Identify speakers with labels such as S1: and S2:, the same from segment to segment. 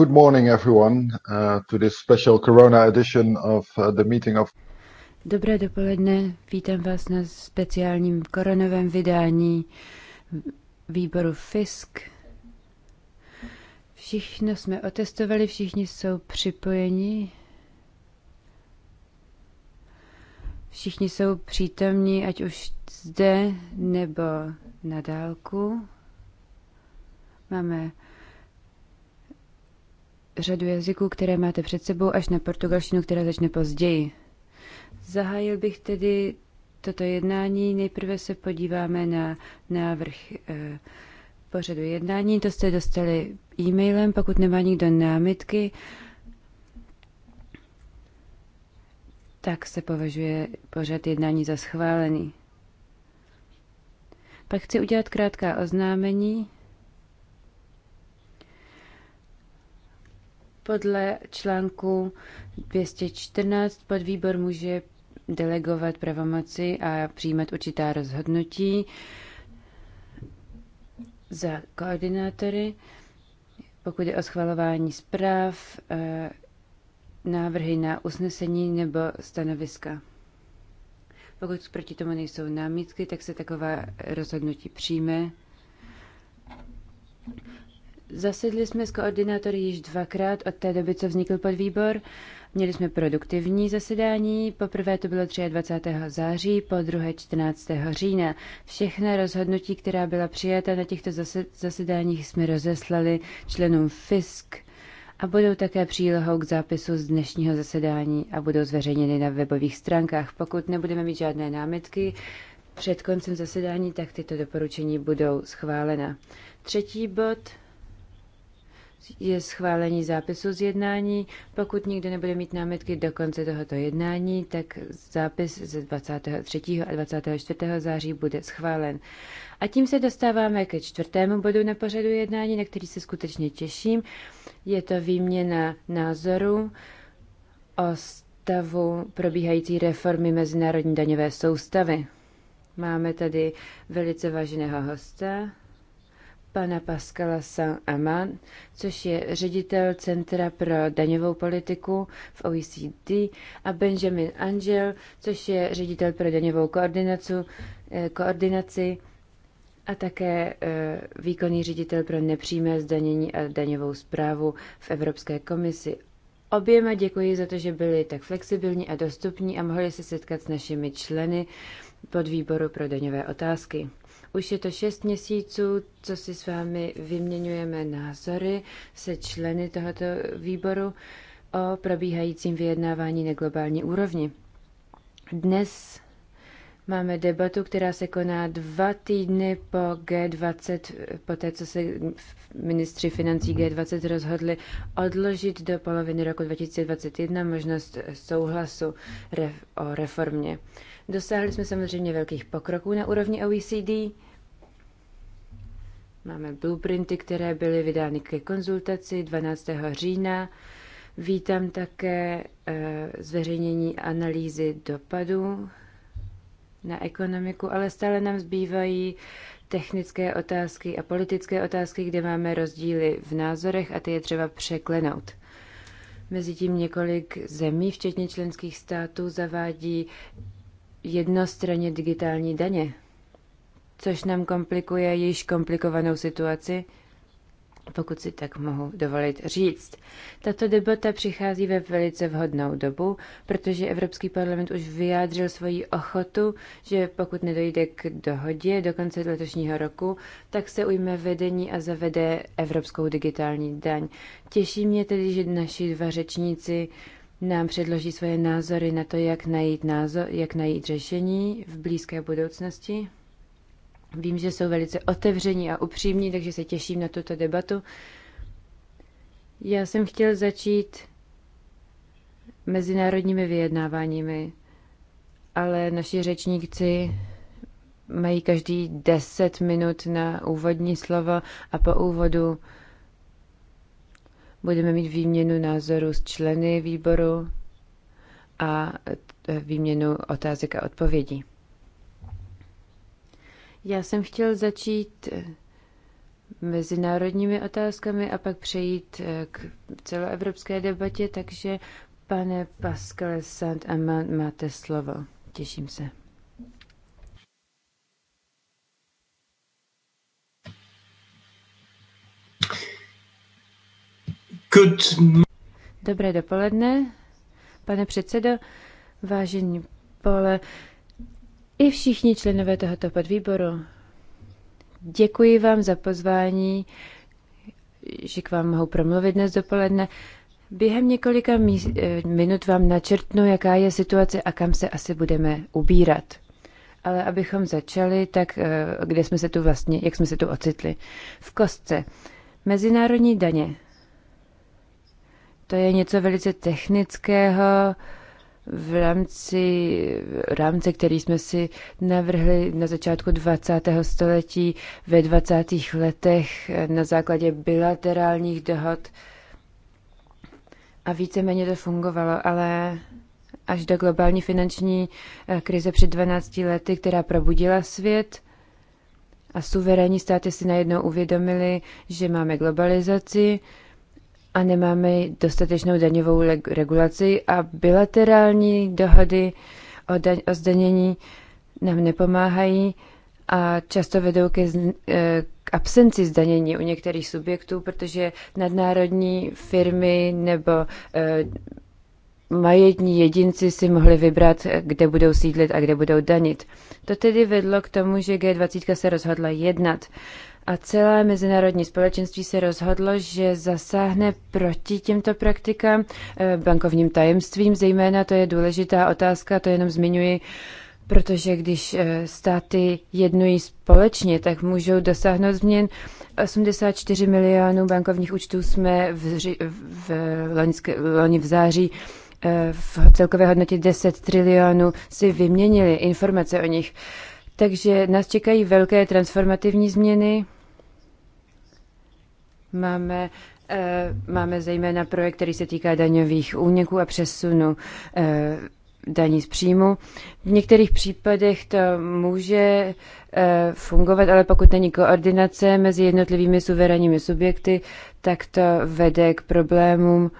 S1: Good morning, everyone, uh, to this special Corona edition of uh, the meeting of
S2: Dobré dopoledne, vítám vás na speciálním koronovém vydání výboru FISK. Všichni jsme otestovali, všichni jsou připojeni. Všichni jsou přítomní, ať už zde nebo na dálku. Máme řadu jazyků, které máte před sebou, až na portugalštinu, která začne později. Zahájil bych tedy toto jednání. Nejprve se podíváme na návrh eh, pořadu jednání. To jste dostali e-mailem, pokud nemá nikdo námitky, tak se považuje pořad jednání za schválený. Pak chci udělat krátká oznámení. Podle článku 214 podvýbor může delegovat pravomoci a přijímat určitá rozhodnutí za koordinátory, pokud je o schvalování zpráv, eh, návrhy na usnesení nebo stanoviska. Pokud proti tomu nejsou námitky, tak se taková rozhodnutí přijme. Zasedli jsme s koordinátory již dvakrát od té doby, co vznikl podvýbor. Měli jsme produktivní zasedání, poprvé to bylo 23. září, po druhé 14. října. Všechna rozhodnutí, která byla přijata na těchto zasedáních, jsme rozeslali členům FISK a budou také přílohou k zápisu z dnešního zasedání a budou zveřejněny na webových stránkách. Pokud nebudeme mít žádné námitky, před koncem zasedání, tak tyto doporučení budou schválena. Třetí bod je schválení zápisu z jednání. Pokud nikdo nebude mít námitky do konce tohoto jednání, tak zápis ze 23. a 24. září bude schválen. A tím se dostáváme ke čtvrtému bodu na pořadu jednání, na který se skutečně těším. Je to výměna názoru o stavu probíhající reformy mezinárodní daňové soustavy. Máme tady velice váženého hosta, pana Pascala Saint-Amand, což je ředitel Centra pro daňovou politiku v OECD, a Benjamin Angel, což je ředitel pro daňovou koordinaci, eh, koordinaci a také eh, výkonný ředitel pro nepřímé zdanění a daňovou zprávu v Evropské komisi. Oběma děkuji za to, že byli tak flexibilní a dostupní a mohli se setkat s našimi členy pod výboru pro daňové otázky. Už je to šest měsíců, co si s vámi vyměňujeme názory se členy tohoto výboru o probíhajícím vyjednávání na globální úrovni. Dnes máme debatu, která se koná dva týdny po G20, po té, co se ministři financí G20 rozhodli odložit do poloviny roku 2021 možnost souhlasu o reformě. Dosáhli jsme samozřejmě velkých pokroků na úrovni OECD. Máme blueprinty, které byly vydány ke konzultaci 12. října. Vítám také eh, zveřejnění analýzy dopadu na ekonomiku, ale stále nám zbývají technické otázky a politické otázky, kde máme rozdíly v názorech a ty je třeba překlenout. Mezitím několik zemí, včetně členských států, zavádí jednostranně digitální daně, což nám komplikuje již komplikovanou situaci, pokud si tak mohu dovolit říct. Tato debata přichází ve velice vhodnou dobu, protože Evropský parlament už vyjádřil svoji ochotu, že pokud nedojde k dohodě do konce letošního roku, tak se ujme vedení a zavede Evropskou digitální daň. Těší mě tedy, že naši dva řečníci nám předloží svoje názory na to, jak najít, názor, jak najít řešení v blízké budoucnosti. Vím, že jsou velice otevření a upřímní, takže se těším na tuto debatu. Já jsem chtěl začít mezinárodními vyjednáváními, ale naši řečníci mají každý 10 minut na úvodní slovo a po úvodu Budeme mít výměnu názoru s členy výboru a e, výměnu otázek a odpovědí. Já jsem chtěl začít e, mezinárodními otázkami a pak přejít e, k celoevropské debatě, takže pane Pascal Saint-Amand, máte slovo. Těším se. Good... Dobré dopoledne, pane předsedo, vážení pole i všichni členové tohoto podvýboru. Děkuji vám za pozvání, že k vám mohu promluvit dnes dopoledne. Během několika eh, minut vám načrtnu, jaká je situace a kam se asi budeme ubírat. Ale abychom začali, tak eh, kde jsme se tu vlastně, jak jsme se tu ocitli. V kostce. Mezinárodní daně. To je něco velice technického v rámci, rámce, který jsme si navrhli na začátku 20. století, ve 20. letech na základě bilaterálních dohod. A víceméně to fungovalo, ale až do globální finanční eh, krize před 12 lety, která probudila svět, a suverénní státy si najednou uvědomili, že máme globalizaci, a nemáme dostatečnou daňovou regulaci a bilaterální dohody o, daň, o zdanění nám nepomáhají a často vedou ke, e, k absenci zdanění u některých subjektů, protože nadnárodní firmy nebo e, majetní jedinci si mohli vybrat, kde budou sídlit a kde budou danit. To tedy vedlo k tomu, že G20 se rozhodla jednat a celé mezinárodní společenství se rozhodlo, že zasáhne proti těmto praktikám, eh, bankovním tajemstvím zejména, to je důležitá otázka, to jenom zmiňuji, protože když eh, státy jednují společně, tak můžou dosáhnout změn. 84 milionů bankovních účtů jsme v, v, v, loňské, loni v září eh, v celkové hodnotě 10 trilionů si vyměnili informace o nich. Takže nás čekají velké transformativní změny Máme eh, Máme zejména projekt, který se týká daňových úniků a přesunu eh, daní z příjmu. V některých případech to může eh, fungovat, ale pokud není koordinace mezi jednotlivými suverénními subjekty, tak to vede k problémům,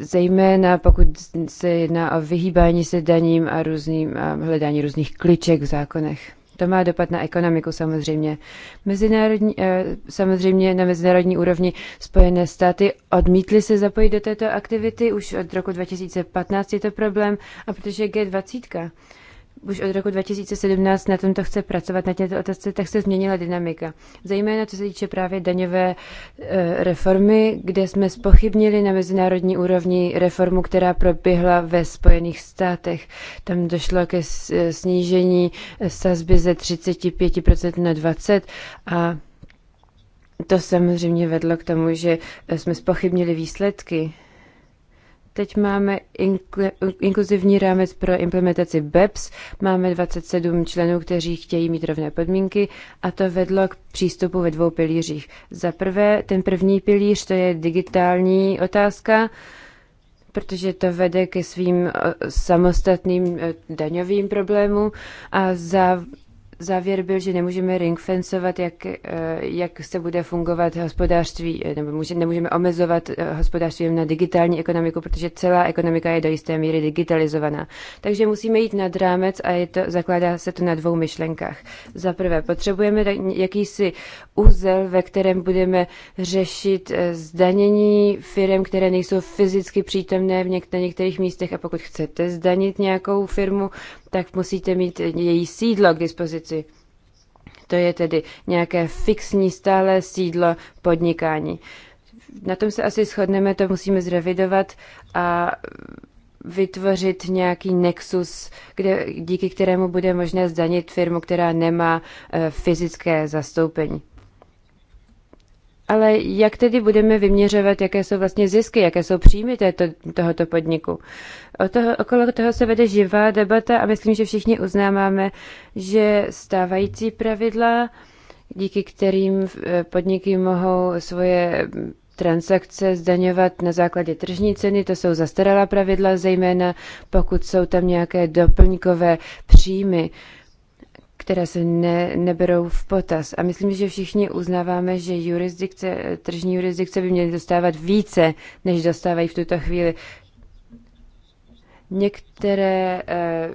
S2: zejména pokud se jedná o vyhýbání se daním a, různým, a hledání různých kliček v zákonech. To má dopad na ekonomiku samozřejmě. Mezinárodní, eh, samozřejmě na mezinárodní úrovni Spojené státy odmítly se zapojit do této aktivity, už od roku 2015 je to problém, a protože G20 už od roku 2017 na tomto chce pracovat, na této otázce, tak se změnila dynamika. Zejména co se týče právě daňové e, reformy, kde jsme spochybnili na mezinárodní úrovni reformu, která proběhla ve Spojených státech. Tam došlo ke e, snížení sazby ze 35% na 20% a to samozřejmě vedlo k tomu, že e, jsme spochybnili výsledky Teď máme inkluzivní rámec pro implementaci BEPS, máme 27 členů, kteří chtějí mít rovné podmínky a to vedlo k přístupu ve dvou pilířích. Za prvé, ten první pilíř, to je digitální otázka, protože to vede ke svým eh, samostatným eh, daňovým problémům a za závěr byl, že nemůžeme ringfencovat, jak, eh, jak se bude fungovat hospodářství, eh, nebo může, nemůžeme omezovat eh, hospodářství na digitální ekonomiku, protože celá ekonomika je do jisté míry digitalizovaná. Takže musíme jít nad rámec a je to, zakládá se to na dvou myšlenkách. Za prvé, potřebujeme jakýsi úzel, ve kterém budeme řešit zdanění firm, které nejsou fyzicky přítomné v něk- na některých místech a pokud chcete zdanit nějakou firmu, tak musíte mít její sídlo k dispozici. To je tedy nějaké fixní stále sídlo podnikání. Na tom se asi shodneme, to musíme zrevidovat a vytvořit nějaký nexus, kde, díky kterému bude možné zdanit firmu, která nemá e, fyzické zastoupení. Ale jak tedy budeme vyměřovat, jaké jsou vlastně zisky, jaké jsou příjmy této, tohoto podniku? O toho, okolo toho se vede živá debata a myslím, že všichni uznáváme, že stávající pravidla, díky kterým eh, podniky mohou svoje mm, transakce zdaňovat na základě tržní ceny, to jsou zastaralá pravidla, zejména pokud jsou tam nějaké doplňkové příjmy. Uh, které se ne, neberou v potaz. A myslím, že všichni uznáváme, že jurisdikce, tržní jurisdikce by měly dostávat více, než dostávají v tuto chvíli. Některé eh,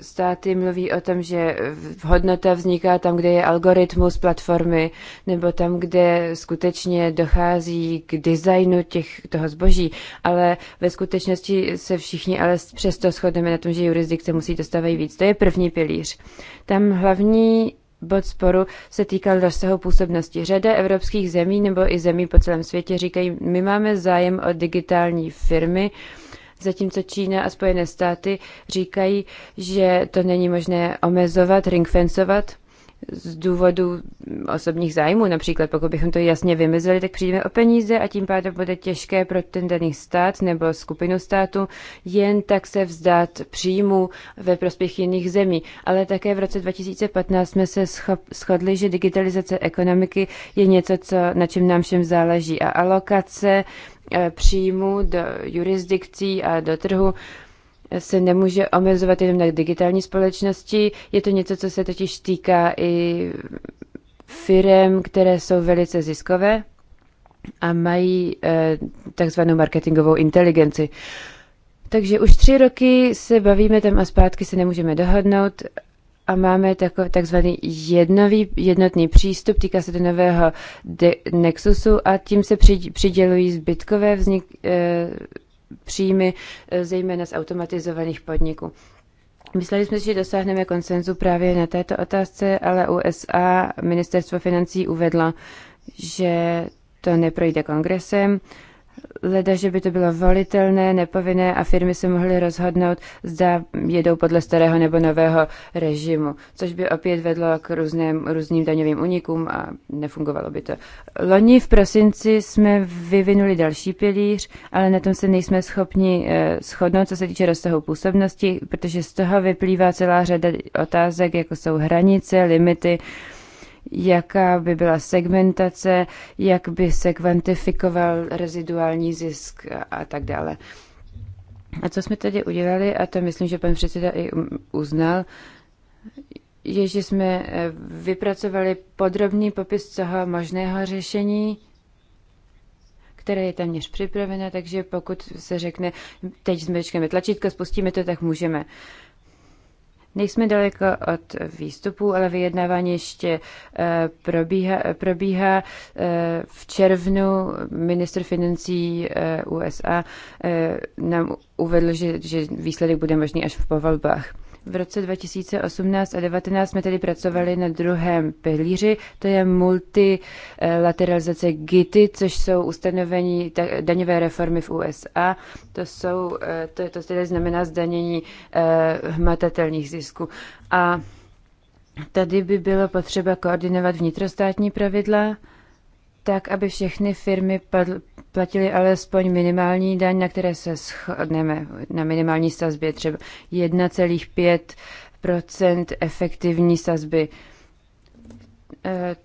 S2: státy mluví o tom, že hodnota vzniká tam, kde je algoritmus platformy, nebo tam, kde skutečně dochází k designu těch, toho zboží. Ale ve skutečnosti se všichni ale přesto shodneme na tom, že jurisdikce musí dostávají víc. To je první pilíř. Tam hlavní bod sporu se týkal rozsahu působnosti. Řada evropských zemí nebo i zemí po celém světě říkají, my máme zájem o digitální firmy, zatímco Čína a Spojené státy říkají, že to není možné omezovat, ringfencovat z důvodu osobních zájmů. Například pokud bychom to jasně vymezili, tak přijdeme o peníze a tím pádem bude těžké pro ten daný stát nebo skupinu států jen tak se vzdát příjmu ve prospěch jiných zemí. Ale také v roce 2015 jsme se shodli, že digitalizace ekonomiky je něco, co, na čem nám všem záleží. A alokace eh, příjmu do jurisdikcí a do trhu se nemůže omezovat jenom na digitální společnosti. Je to něco, co se totiž týká i firm, které jsou velice ziskové a mají eh, takzvanou marketingovou inteligenci. Takže už tři roky se bavíme tam a zpátky se nemůžeme dohodnout a máme takzvaný jednový, jednotný přístup, týká se do nového de, Nexusu a tím se přidělují zbytkové vznik, eh, příjmy, eh, zejména z automatizovaných podniků. Mysleli jsme si, že dosáhneme konsenzu právě na této otázce, ale USA, ministerstvo financí uvedlo, že to neprojde kongresem Leda, že by to bylo volitelné, nepovinné a firmy se mohly rozhodnout, zda jedou podle starého nebo nového režimu, což by opět vedlo k různým, různým daňovým unikům a nefungovalo by to. Loni v prosinci jsme vyvinuli další pilíř, ale na tom se nejsme schopni eh, shodnout, co se týče rozsahu působnosti, protože z toho vyplývá celá řada otázek, jako jsou hranice, limity, eh, jaká by byla segmentace, jak by se kvantifikoval reziduální zisk a tak dále. A co jsme tady udělali, a to myslím, že pan předseda i um, uznal, je, že jsme eh, vypracovali podrobný popis toho možného řešení, které je téměř připravené. takže pokud se řekne, teď jsme tlačítko, spustíme to, tak můžeme. Uh, Nejsme daleko od výstupu, ale vyjednávání ještě eh, probíhá. probíhá. Eh, v červnu minister financí eh, USA nám uvedl, že, že výsledek bude možný až v povolbách. V roce 2018 a 2019 jsme tedy pracovali na druhém pilíři, to je multilateralizace GITI, což jsou ustanovení daňové reformy v USA. To, jsou, eh, to, to tedy znamená zdanění eh, hmatatelných zisků. A tady by bylo potřeba koordinovat vnitrostátní pravidla, tak aby všechny firmy platili alespoň minimální daň, na které se shodneme, na minimální sazbě třeba 1,5 efektivní sazby. Eh,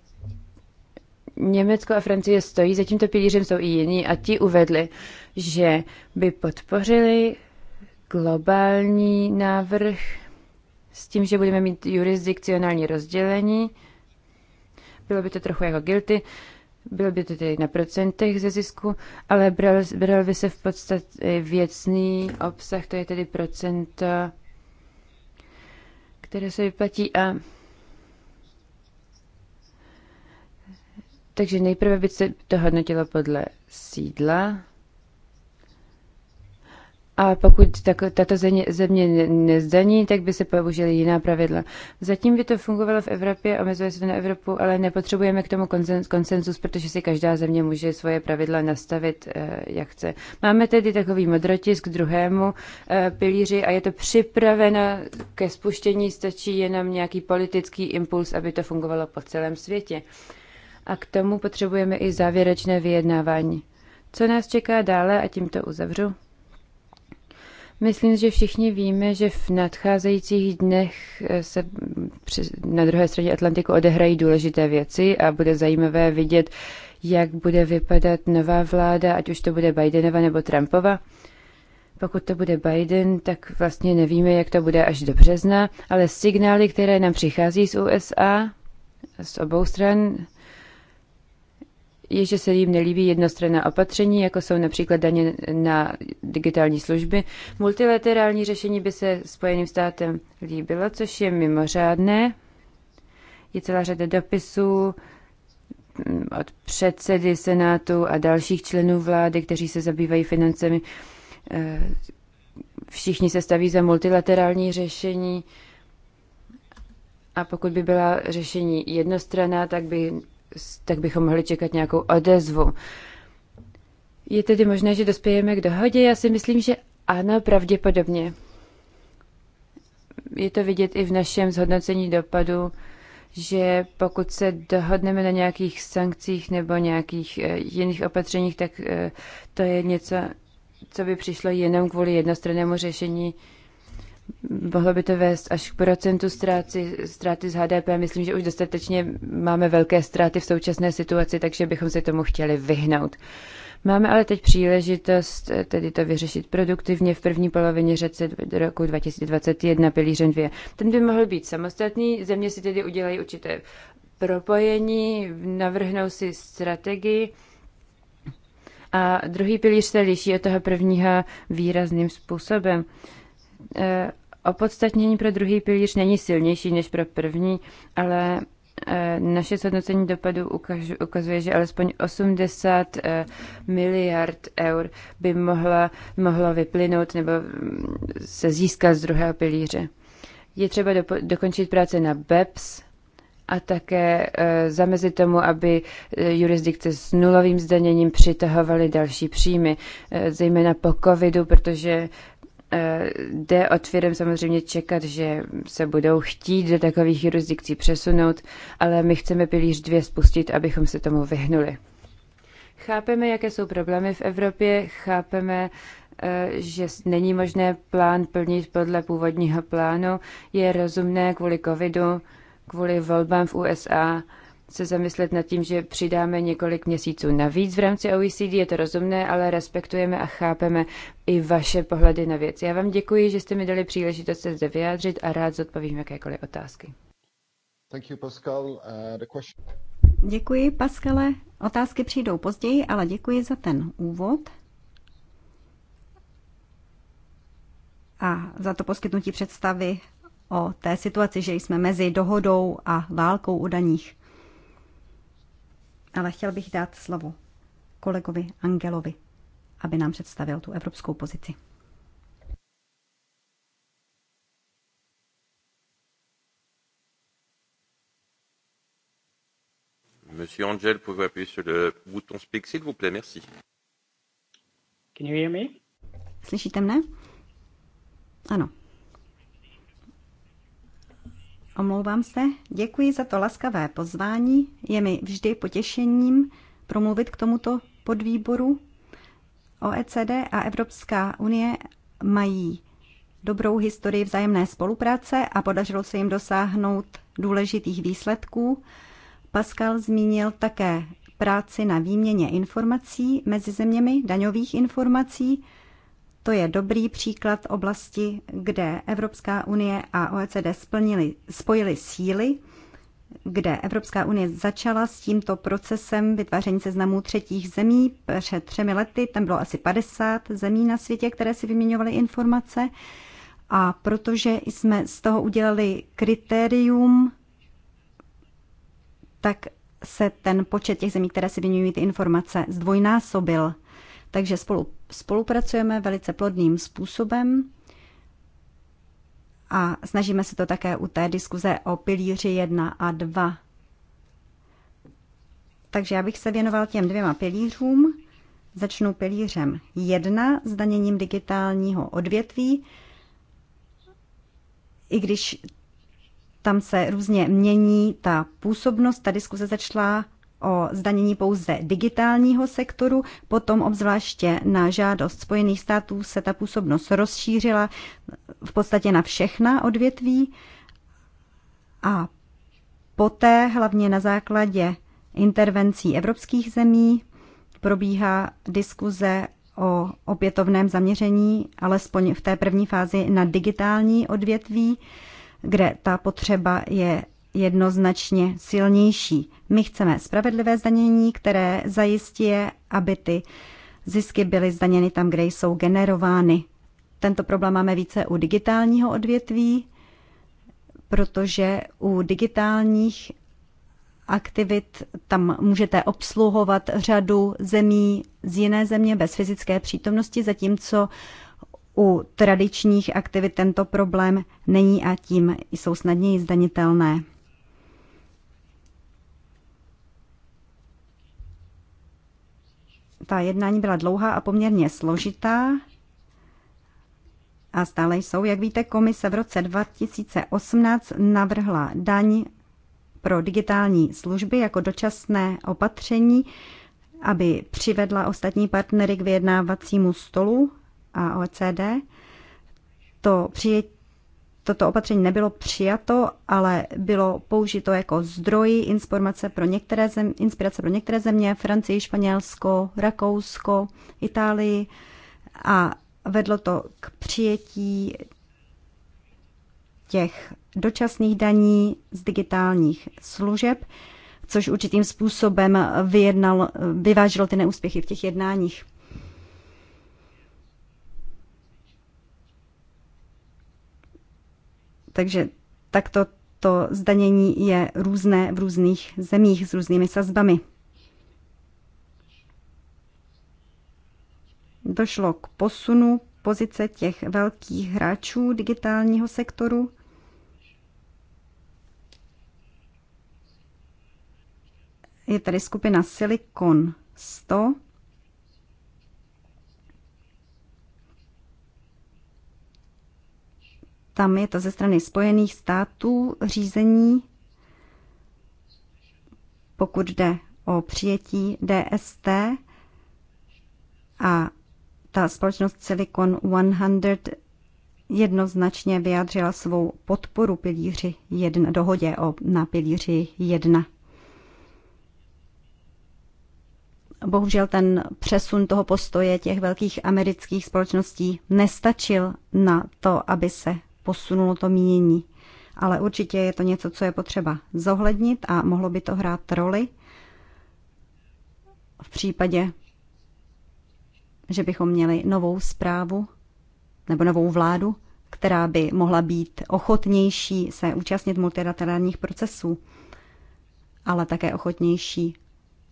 S2: Německo a Francie stojí za tímto pilířem, jsou i jiní a ti uvedli, že by podpořili globální návrh s tím, že budeme mít jurisdikcionální rozdělení. Bylo by to trochu jako guilty, byl by to tedy na procentech ze zisku, ale bral, bral by se v podstatě věcný obsah, to je tedy procent, eh, které se vyplatí a takže nejprve by se to hodnotilo podle sídla, a pokud tak, tato země, země nezdaní, tak by se použily jiná pravidla. Zatím by to fungovalo v Evropě, omezuje se to na Evropu, ale nepotřebujeme k tomu konsenzus, protože si každá země může svoje pravidla nastavit, eh, jak chce. Máme tedy takový modrotisk druhému eh, pilíři a je to připraveno ke spuštění, stačí jenom nějaký politický impuls, aby to fungovalo po celém světě. A k tomu potřebujeme i závěrečné vyjednávání. Co nás čeká dále a tímto uzavřu? Myslím, že všichni víme, že v nadcházejících dnech eh, se na druhé straně Atlantiku odehrají důležité věci a bude zajímavé vidět, jak bude vypadat nová vláda, ať už to bude Bidenova nebo Trumpova. Pokud to bude Biden, tak vlastně nevíme, jak to bude až do března, ale signály, které nám přichází z USA, z obou stran, je, že se jim nelíbí jednostranná opatření, jako jsou například daně na digitální služby. Multilaterální řešení by se Spojeným státem líbilo, což je mimořádné. Je celá řada dopisů mm, od předsedy Senátu a dalších členů vlády, kteří se zabývají financemi. Eh, všichni se staví za multilaterální řešení. A pokud by byla řešení jednostranná, tak by tak bychom mohli čekat nějakou odezvu. Je tedy možné, že dospějeme k dohodě? Já si myslím, že ano, pravděpodobně. Je to vidět i v našem zhodnocení dopadu, že pokud se dohodneme na nějakých sankcích nebo nějakých eh, jiných opatřeních, tak eh, to je něco, co by přišlo jenom kvůli jednostrannému řešení mohlo by to vést až k procentu ztráty, ztráty z HDP. Myslím, že už dostatečně máme velké ztráty v současné situaci, takže bychom se tomu chtěli vyhnout. Máme ale teď příležitost eh, tedy to vyřešit produktivně v první polovině řece roku 2021 pilířem 2. Ten by mohl být samostatný, země si tedy udělají určité propojení, navrhnou si strategii a druhý pilíř se liší od toho prvního výrazným způsobem eh, opodstatnění pro druhý pilíř není silnější než pro první, ale eh, naše shodnocení dopadu ukazuje, že alespoň 80 eh, miliard eur by mohla, mohlo vyplynout nebo mm, se získat z druhého pilíře. Je třeba do, dokončit práce na BEPS a také eh, zamezit tomu, aby jurisdikce s nulovým zdaněním přitahovaly další příjmy, zejména po covidu, protože Eh, jde od firm samozřejmě čekat, že se budou chtít do takových jurisdikcí přesunout, ale my chceme pilíř dvě spustit, abychom se tomu vyhnuli. Chápeme, jaké jsou problémy v Evropě, chápeme, eh, že není možné plán plnit podle původního plánu. Je rozumné kvůli covidu, kvůli volbám v USA se zamyslet nad tím, že přidáme několik měsíců navíc v rámci OECD. Je to rozumné, ale respektujeme a chápeme i vaše pohledy na věc. Já vám děkuji, že jste mi dali příležitost se zde vyjádřit a rád zodpovím jakékoliv otázky.
S1: Thank you, Pascal. Uh, the question...
S2: Děkuji, Pascale.
S3: Otázky přijdou později, ale děkuji za ten úvod. a za to poskytnutí představy o té situaci, že jsme mezi dohodou a válkou o daních ale chtěl bych dát slovo kolegovi Angelovi, aby nám představil tu evropskou pozici.
S4: Monsieur Angel, pouvez-vous appuyer sur le bouton speak, s'il vous plaît? Merci.
S3: Can you hear me? Slyšíte mne? Ano. Omlouvám se, děkuji za to laskavé pozvání. Je mi vždy potěšením promluvit k tomuto podvýboru. OECD a Evropská unie mají dobrou historii vzájemné spolupráce a podařilo se jim dosáhnout důležitých výsledků. Pascal zmínil také práci na výměně informací mezi zeměmi, daňových informací, to je dobrý příklad oblasti, kde Evropská unie a OECD splnili, spojili síly, kde Evropská unie začala s tímto procesem vytváření seznamů třetích zemí před třemi lety. Tam bylo asi 50 zemí na světě, které si vyměňovaly informace. A protože jsme z toho udělali kritérium, tak se ten počet těch zemí, které si vyměňují ty informace, zdvojnásobil. Takže spolu, spolupracujeme velice plodným způsobem a snažíme se to také u té diskuze o pilíři 1 a 2. Takže já bych se věnoval těm dvěma pilířům. Začnu pilířem 1, zdaněním digitálního odvětví. I když tam se různě mění ta působnost, ta diskuze začala o zdanění pouze digitálního sektoru, potom obzvláště na žádost Spojených států se ta působnost rozšířila v podstatě na všechna odvětví a poté hlavně na základě intervencí evropských zemí probíhá diskuze o opětovném zaměření, alespoň v té první fázi na digitální odvětví, kde ta potřeba je jednoznačně silnější. My chceme spravedlivé zdanění, které zajistí, aby ty zisky byly zdaněny tam, kde jsou generovány. Tento problém máme více u digitálního odvětví, protože u digitálních aktivit tam můžete obsluhovat řadu zemí z jiné země bez fyzické přítomnosti, zatímco u tradičních aktivit tento problém není a tím jsou snadněji zdanitelné. ta jednání byla dlouhá a poměrně složitá a stále jsou. Jak víte, komise v roce 2018 navrhla daň pro digitální služby jako dočasné opatření, aby přivedla ostatní partnery k vyjednávacímu stolu a OECD. To přijetí toto opatření nebylo přijato, ale bylo použito jako zdroj informace pro některé zem, inspirace pro některé země, Francii, Španělsko, Rakousko, Itálii a vedlo to k přijetí těch dočasných daní z digitálních služeb, což určitým způsobem vyjednal, vyvážilo ty neúspěchy v těch jednáních. Takže takto to zdanění je různé v různých zemích s různými sazbami. Došlo k posunu pozice těch velkých hráčů digitálního sektoru. Je tady skupina Silicon 100, Tam je to ze strany Spojených států řízení, pokud jde o přijetí DST a ta společnost Silicon 100 jednoznačně vyjádřila svou podporu pilíři 1, dohodě o, na pilíři 1. Bohužel ten přesun toho postoje těch velkých amerických společností nestačil na to, aby se posunulo to mínění. Ale určitě je to něco, co je potřeba zohlednit a mohlo by to hrát roli v případě, že bychom měli novou zprávu nebo novou vládu, která by mohla být ochotnější se účastnit multilaterálních procesů, ale také ochotnější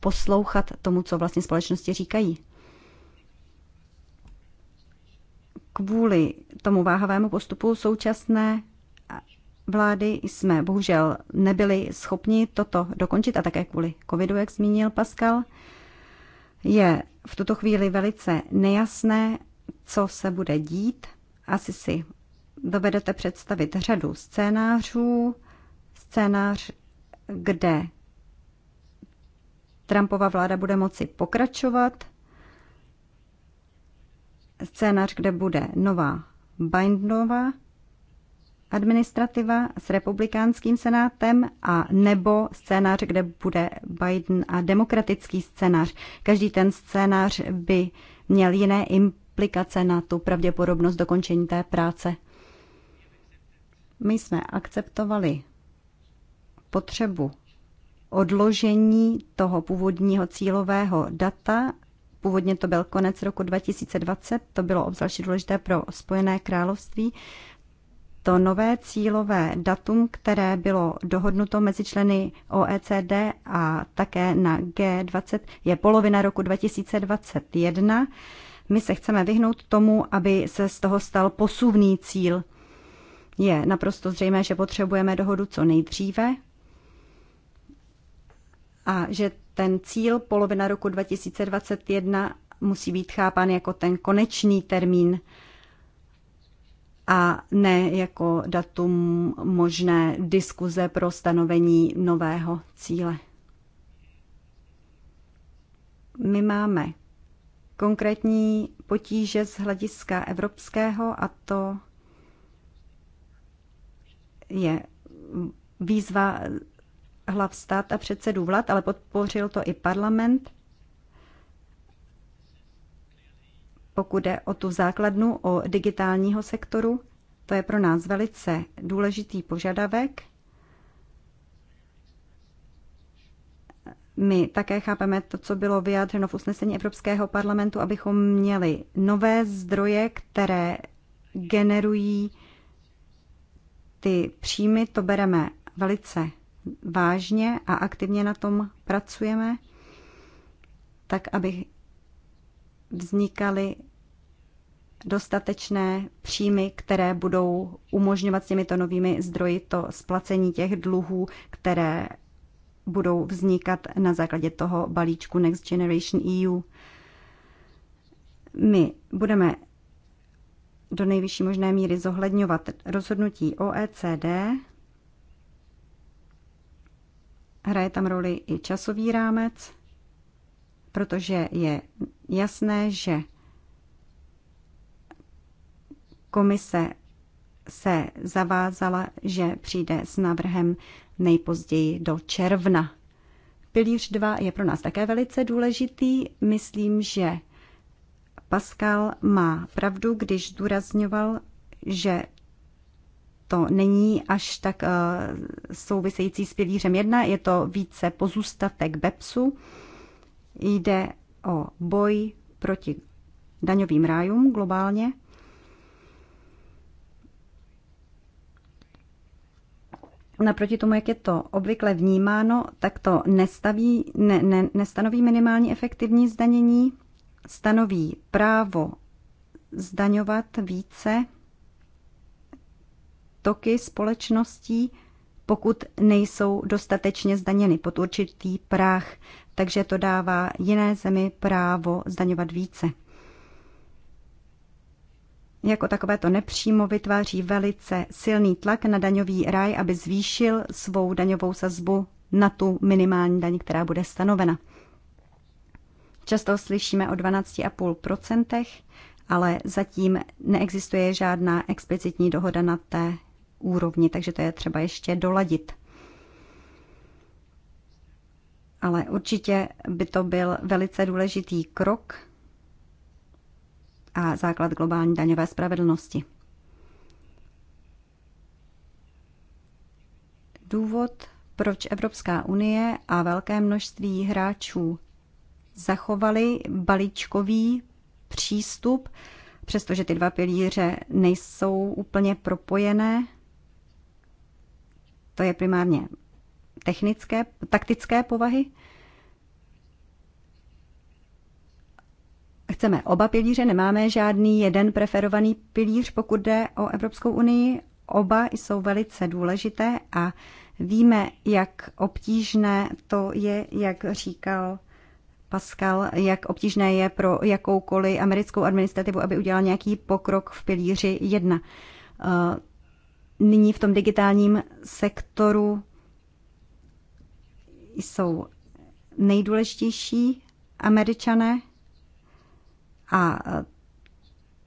S3: poslouchat tomu, co vlastně společnosti říkají. kvůli tomu váhavému postupu současné vlády jsme bohužel nebyli schopni toto dokončit a také kvůli covidu, jak zmínil Pascal, je v tuto chvíli velice nejasné, co se bude dít. Asi si dovedete představit řadu scénářů. Scénář, kde Trumpova vláda bude moci pokračovat – scénář, kde bude nová Bindnova administrativa s republikánským senátem a nebo scénář, kde bude Biden a demokratický scénář. Každý ten scénář by měl jiné implikace na tu pravděpodobnost dokončení té práce. My jsme akceptovali potřebu odložení toho původního cílového data Původně to byl konec roku 2020, to bylo obzvláště důležité pro Spojené království. To nové cílové datum, které bylo dohodnuto mezi členy OECD a také na G20, je polovina roku 2021. My se chceme vyhnout tomu, aby se z toho stal posuvný cíl. Je naprosto zřejmé, že potřebujeme dohodu co nejdříve a že ten cíl polovina roku 2021 musí být chápán jako ten konečný termín a ne jako datum možné diskuze pro stanovení nového cíle. My máme konkrétní potíže z hlediska evropského a to je výzva hlav stát a předsedů vlad, ale podpořil to i parlament, pokud jde o tu základnu o digitálního sektoru. To je pro nás velice důležitý požadavek. My také chápeme to, co bylo vyjádřeno v usnesení Evropského parlamentu, abychom měli nové zdroje, které generují ty příjmy, to bereme velice vážně a aktivně na tom pracujeme, tak aby vznikaly dostatečné příjmy, které budou umožňovat s těmito novými zdroji to splacení těch dluhů, které budou vznikat na základě toho balíčku Next Generation EU. My budeme do nejvyšší možné míry zohledňovat rozhodnutí OECD Hraje tam roli i časový rámec, protože je jasné, že komise se zavázala, že přijde s návrhem nejpozději do června. Pilíř 2 je pro nás také velice důležitý. Myslím, že Pascal má pravdu, když zdůrazňoval, že to není až tak eh, související s pilířem 1, je to více pozůstatek BEPSu. Jde o boj proti daňovým rájům globálně. Naproti tomu, jak je to obvykle vnímáno, tak to nestaví, ne, ne, nestanoví minimální efektivní zdanění, stanoví právo zdaňovat více toky společností, pokud nejsou dostatečně zdaněny pod určitý práh, takže to dává jiné zemi právo zdaňovat více. Jako takové to nepřímo vytváří velice silný tlak na daňový ráj, aby zvýšil svou daňovou sazbu na tu minimální daň, která bude stanovena. Často slyšíme o 12,5%, ale zatím neexistuje žádná explicitní dohoda na té úrovni, takže to je třeba ještě doladit. Ale určitě by to byl velice důležitý krok a základ globální daňové spravedlnosti. Důvod, proč Evropská unie a velké množství hráčů zachovali balíčkový přístup, přestože ty dva pilíře nejsou úplně propojené, to je primárně technické, taktické povahy. Chceme oba pilíře, nemáme žádný jeden preferovaný pilíř, pokud jde o Evropskou unii. Oba jsou velice důležité a víme, jak obtížné to je, jak říkal Pascal, jak obtížné je pro jakoukoliv americkou administrativu, aby udělal nějaký pokrok v pilíři 1 nyní v tom digitálním sektoru jsou nejdůležitější američané a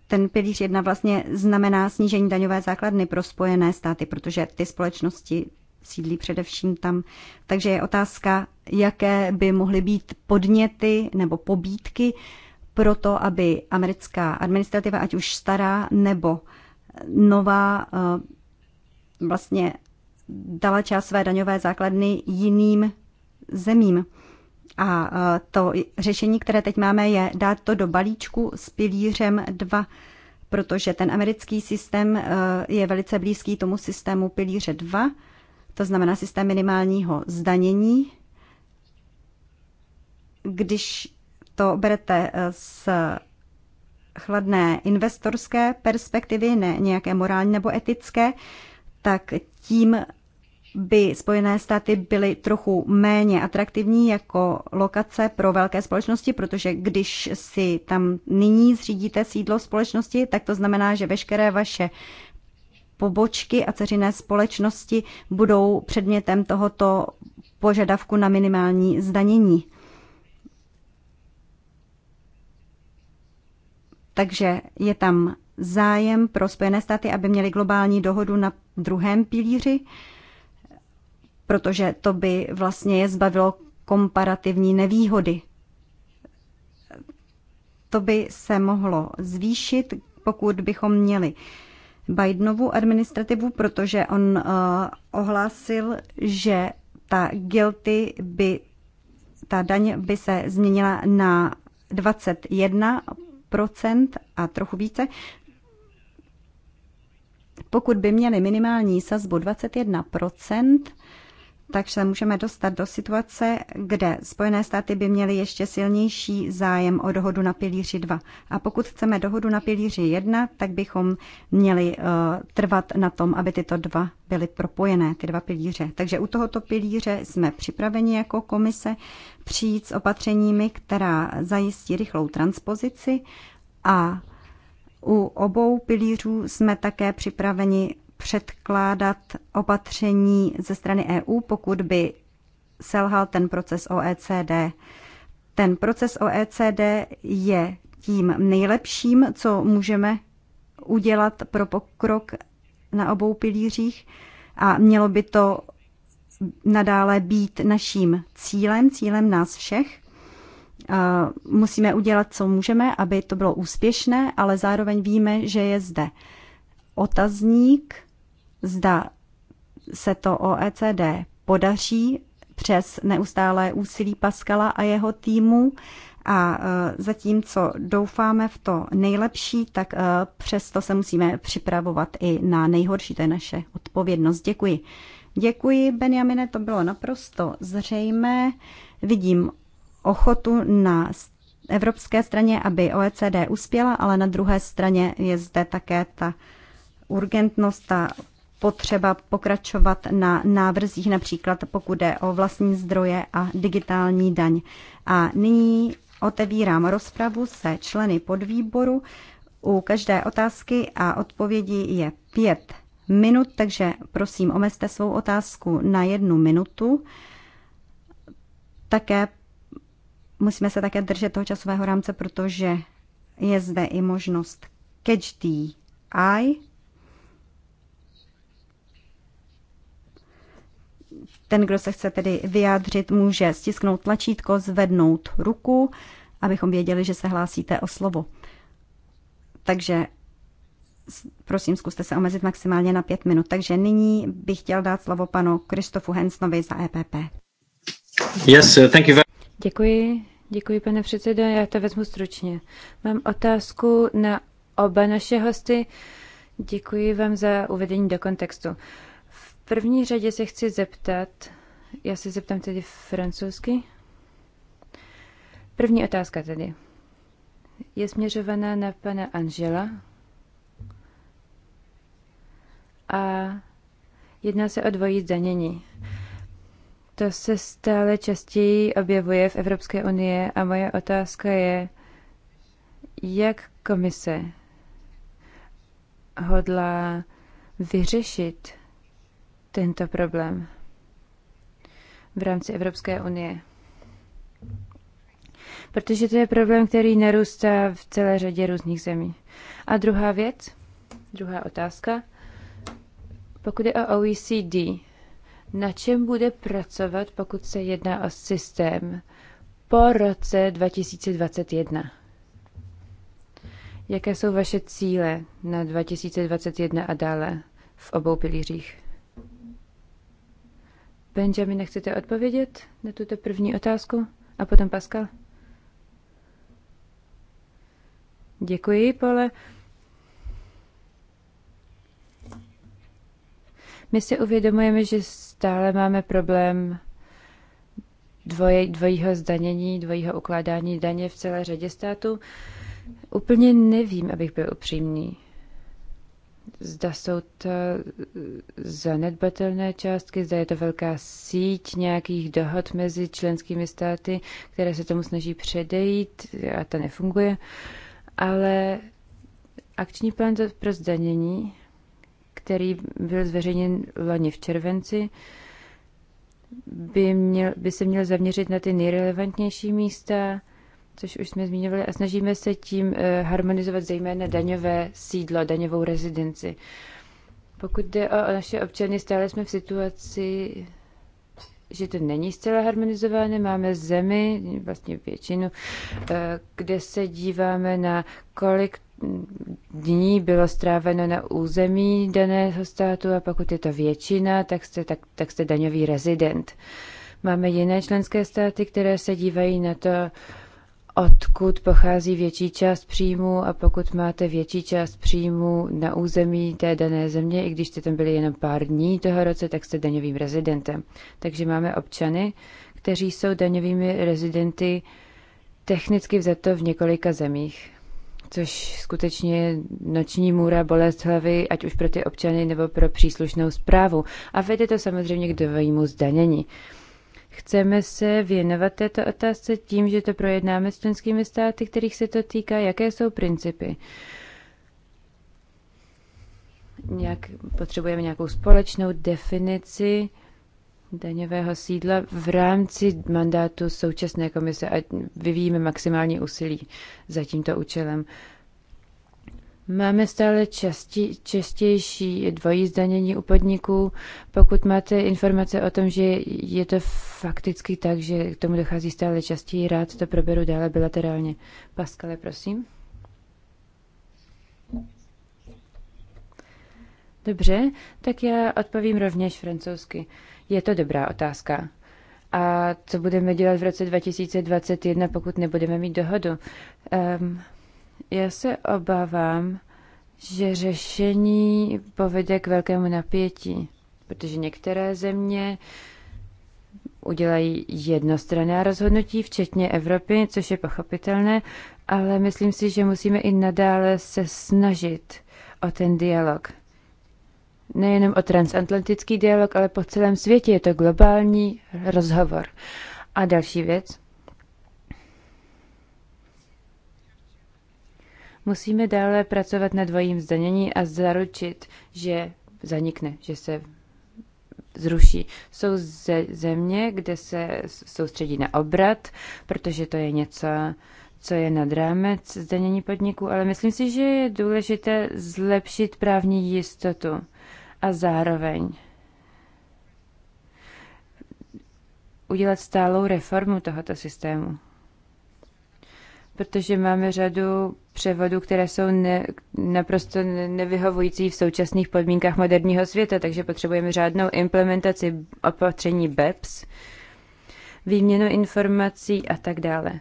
S3: ten pilíř jedna vlastně znamená snížení daňové základny pro spojené státy, protože ty společnosti sídlí především tam. Takže je otázka, jaké by mohly být podněty nebo pobídky pro to, aby americká administrativa, ať už stará nebo nová, vlastně dala část své daňové základny jiným zemím. A e, to řešení, které teď máme, je dát to do balíčku s pilířem 2, protože ten americký systém e, je velice blízký tomu systému pilíře 2, to znamená systém minimálního zdanění. Když to berete e, z chladné investorské perspektivy, ne nějaké morální nebo etické, tak tím by Spojené státy byly trochu méně atraktivní jako lokace pro velké společnosti, protože když si tam nyní zřídíte sídlo společnosti, tak to znamená, že veškeré vaše pobočky a ceřiné společnosti budou předmětem tohoto požadavku na minimální zdanění. Takže je tam zájem pro Spojené státy, aby měli globální dohodu na druhém pilíři, protože to by vlastně je zbavilo komparativní nevýhody. To by se mohlo zvýšit, pokud bychom měli Bidenovu administrativu, protože on uh, ohlásil, že ta guilty by, ta daň by se změnila na 21% a trochu více, pokud by měli minimální sazbu 21%, takže se můžeme dostat do situace, kde Spojené státy by měly ještě silnější zájem o dohodu na pilíři 2. A pokud chceme dohodu na pilíři 1, tak bychom měli uh, trvat na tom, aby tyto dva byly propojené, ty dva pilíře. Takže u tohoto pilíře jsme připraveni jako komise přijít s opatřeními, která zajistí rychlou transpozici a u obou pilířů jsme také připraveni předkládat opatření ze strany EU, pokud by selhal ten proces OECD. Ten proces OECD je tím nejlepším, co můžeme udělat pro pokrok na obou pilířích a mělo by to nadále být naším cílem, cílem nás všech musíme udělat, co můžeme, aby to bylo úspěšné, ale zároveň víme, že je zde otazník, zda se to OECD podaří přes neustálé úsilí Paskala a jeho týmu. A e, zatímco doufáme v to nejlepší, tak e, přesto se musíme připravovat i na nejhorší. To je naše odpovědnost. Děkuji. Děkuji, Benjamine, to bylo naprosto zřejmé. Vidím ochotu na evropské straně, aby OECD uspěla, ale na druhé straně je zde také ta urgentnost, ta potřeba pokračovat na návrzích, například pokud jde o vlastní zdroje a digitální daň. A nyní otevírám rozpravu se členy podvýboru. U každé otázky a odpovědi je pět minut, takže prosím, omezte svou otázku na jednu minutu. Také Musíme se také držet toho časového rámce, protože je zde i možnost catch the eye. Ten, kdo se chce tedy vyjádřit, může stisknout tlačítko, zvednout ruku, abychom věděli, že se hlásíte o slovo. Takže prosím, zkuste se omezit maximálně na pět minut. Takže nyní bych chtěl dát slovo panu Kristofu
S2: Hensnovi za EPP.
S5: Yes, uh, thank you very...
S2: Děkuji, Děkuji, pane předsedo, já to vezmu stručně. Mám otázku na oba naše hosty. Děkuji vám za uvedení do kontextu. V první řadě se chci zeptat, já se zeptám tedy francouzsky. První otázka tedy je směřovaná na pana Angela. A jedná se o dvojí zdanění. To se stále častěji objevuje v Evropské unii a moje otázka je, jak komise hodlá vyřešit tento problém v rámci Evropské unie. Protože to je problém, který narůstá v celé řadě různých zemí. A druhá věc, druhá otázka, pokud je o OECD, na čem bude pracovat, pokud se jedná o systém po roce 2021. Jaké jsou vaše cíle na 2021 a dále v obou pilířích? Benjamin, nechcete odpovědět na tuto první otázku? A potom Pascal? Děkuji, Pole. My si uvědomujeme, že Stále máme problém dvoje, dvojího zdanění, dvojího ukládání daně v celé řadě států. Úplně nevím, abych byl upřímný. Zda jsou to zanedbatelné částky, zda je to velká síť nějakých dohod mezi členskými státy, které se tomu snaží předejít a ta nefunguje. Ale akční plán pro zdanění který byl zveřejněn loni v červenci, by, měl, by se měl zaměřit na ty nejrelevantnější místa, což už jsme zmiňovali, a snažíme se tím eh, harmonizovat zejména daňové sídlo, daňovou rezidenci. Pokud jde o naše občany, stále jsme v situaci, že to není zcela harmonizované. Máme zemi, vlastně většinu, eh, kde se díváme na kolik dní bylo stráveno na území daného státu a pokud je to většina, tak jste, tak, tak jste daňový rezident. Máme jiné členské státy, které se dívají na to, odkud pochází větší část příjmu a pokud máte větší část příjmu na území té dané země, i když jste tam byli jenom pár dní toho roce, tak jste daňovým rezidentem. Takže máme občany, kteří jsou daňovými rezidenty technicky vzato v několika zemích, což skutečně je noční můra bolest hlavy, ať už pro ty občany nebo pro příslušnou zprávu. A vede to samozřejmě k dvojímu zdanění. Chceme se věnovat této otázce tím, že to projednáme s členskými státy, kterých se to týká, jaké jsou principy. Nějak, potřebujeme nějakou společnou definici daňového sídla v rámci mandátu současné komise a vyvíjíme maximální úsilí za tímto účelem. Máme stále častí, častější dvojí zdanění u podniků. Pokud máte informace o tom, že je to fakticky tak, že k tomu dochází stále častěji, rád to proberu dále bilaterálně. Paskale, prosím. Dobře, tak já odpovím rovněž francouzsky. Je to dobrá otázka. A co budeme dělat v roce 2021, pokud nebudeme mít dohodu? Um, já se obávám, že řešení povede k velkému napětí, protože některé země udělají jednostranné rozhodnutí, včetně Evropy, což je pochopitelné, ale myslím si, že musíme i nadále se snažit o ten dialog. Nejenom o transatlantický dialog, ale po celém světě je to globální rozhovor. A další věc, Musíme dále pracovat na dvojím zdanění a zaručit, že zanikne, že se zruší. Jsou ze země, kde se soustředí na obrat, protože to je něco, co je nad rámec zdanění podniku, ale myslím si, že je důležité zlepšit právní jistotu a zároveň udělat stálou reformu tohoto systému protože máme řadu převodů, které jsou ne, naprosto nevyhovující v současných podmínkách moderního světa, takže potřebujeme řádnou implementaci opatření BEPS, výměnu informací a tak dále.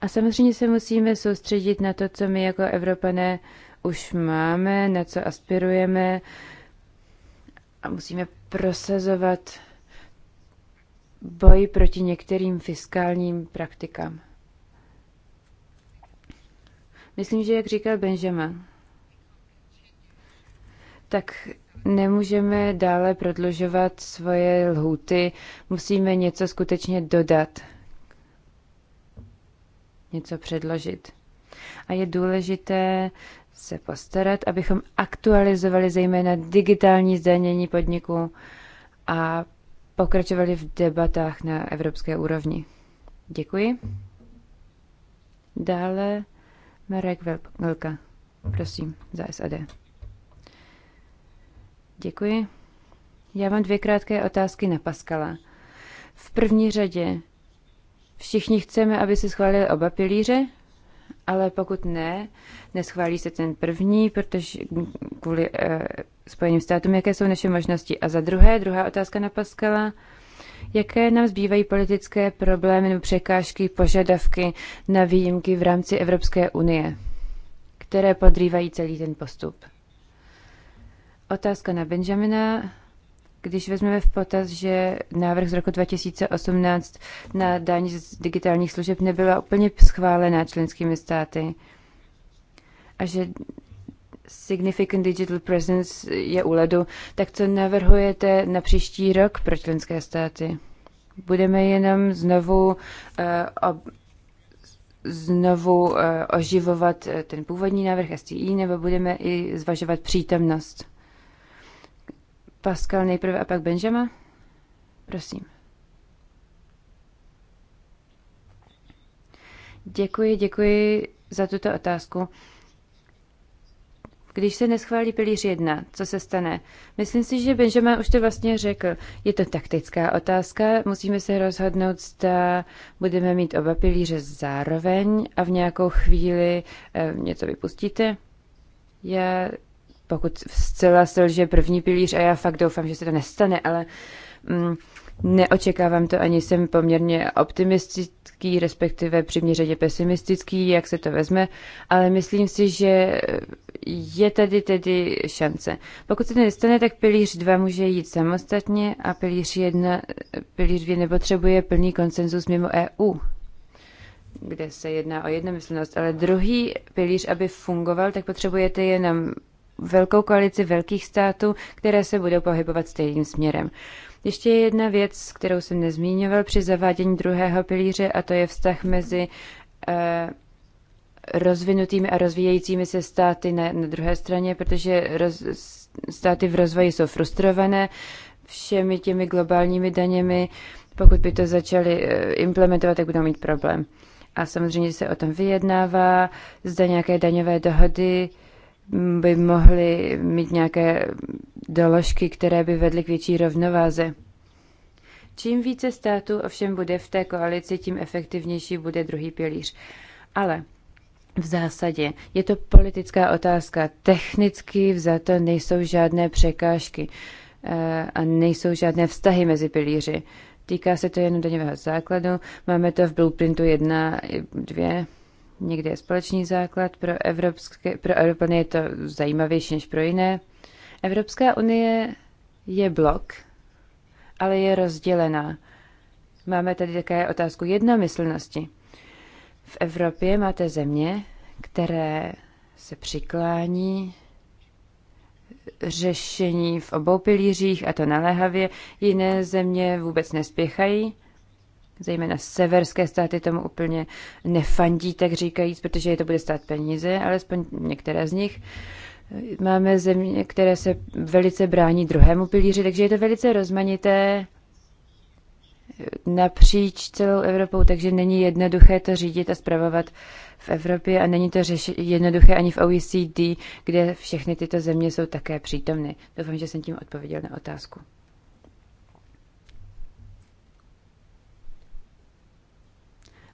S2: A samozřejmě se musíme soustředit na to, co my jako Evropané už máme, na co aspirujeme a musíme prosazovat boji proti některým fiskálním praktikám. Myslím, že jak říkal Benjamin, tak nemůžeme dále prodlužovat svoje lhuty, musíme něco skutečně dodat, něco předložit. A je důležité se postarat, abychom aktualizovali zejména digitální zdanění podniků a pokračovali v debatách na evropské úrovni. Děkuji. Dále Marek Velka, prosím, za SAD. Děkuji. Já mám dvě krátké otázky na Paskala. V první řadě, všichni chceme, aby se schválili oba pilíře? ale pokud ne, neschválí se ten první, protože kvůli eh, Spojeným státům, jaké jsou naše možnosti. A za druhé, druhá otázka na Paskala, jaké nám zbývají politické problémy nebo překážky, požadavky na výjimky v rámci Evropské unie, které podrývají celý ten postup. Otázka na Benjamina. Když vezmeme v potaz, že návrh z roku 2018 na daň z digitálních služeb nebyla úplně schválená členskými státy a že Significant Digital Presence je u ledu, tak co navrhujete na příští rok pro členské státy? Budeme jenom znovu uh, ob, znovu uh, oživovat eh, ten původní návrh STI, nebo budeme i zvažovat přítomnost? Pascal nejprve a pak Benžama. Prosím. Děkuji, děkuji za tuto otázku. Když se neschválí pilíř 1, co se stane? Myslím si, že Benjamin už to vlastně řekl. Je to taktická otázka, musíme se rozhodnout, zda budeme mít oba pilíře zároveň a v nějakou chvíli eh, něco vypustíte. Já pokud zcela selže první pilíř, a já fakt doufám, že se to nestane, ale mm, neočekávám to ani jsem poměrně optimistický, respektive přiměřeně pesimistický, jak se to vezme, ale myslím si, že je tady tedy šance. Pokud se to nestane, tak pilíř 2 může jít samostatně a pilíř 1, pilíř dvě nepotřebuje plný konsenzus mimo EU kde se jedná o jednomyslnost, ale druhý pilíř, aby fungoval, tak potřebujete jenom velkou koalici velkých států, které se budou pohybovat stejným směrem. Ještě jedna věc, kterou jsem nezmíňoval při zavádění druhého pilíře, a to je vztah mezi eh, rozvinutými a rozvíjejícími se státy na, na druhé straně, protože roz, státy v rozvoji jsou frustrované všemi těmi globálními daněmi. Pokud by to začali eh, implementovat, tak budou mít problém. A samozřejmě se o tom vyjednává, zda nějaké daňové dohody eh, by mohly mít nějaké doložky, které by vedly k větší rovnováze. Čím více států ovšem bude v té koalici, tím efektivnější bude druhý pilíř. Ale v zásadě je to politická otázka. Technicky to nejsou žádné překážky eh, a nejsou žádné vztahy mezi pilíři. Týká se to jen daňového základu. Máme to v Blueprintu 1, 2 někde je společný základ pro evropské, pro Evropany je to zajímavější než pro jiné. Evropská unie je blok, ale je rozdělená. Máme tady také otázku jednomyslnosti. V Evropě máte země, které se přiklání řešení v obou pilířích, a to naléhavě. Jiné země vůbec nespěchají zejména severské státy tomu úplně nefandí, tak říkajíc, protože je to bude stát peníze, alespoň některé z nich. Máme země, které se velice brání druhému pilíři, takže je to velice rozmanité napříč celou Evropou, takže není jednoduché to řídit a zpravovat v Evropě a není to řeši- jednoduché ani v OECD, kde všechny tyto země jsou také přítomny. Doufám, že jsem tím odpověděl na otázku.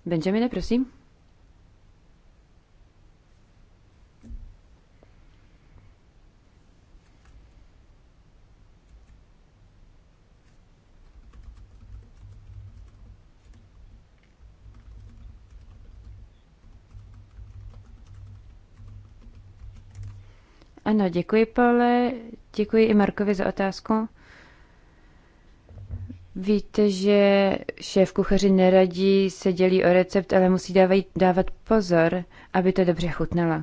S2: Benjamine, prosím. Ano, děkuji, Pavle. Děkuji i Markovi za otázku. Víte, že šéf kuchaři neradí se dělí o recept, ale musí dávaj, dávat pozor, aby to dobře chutnalo.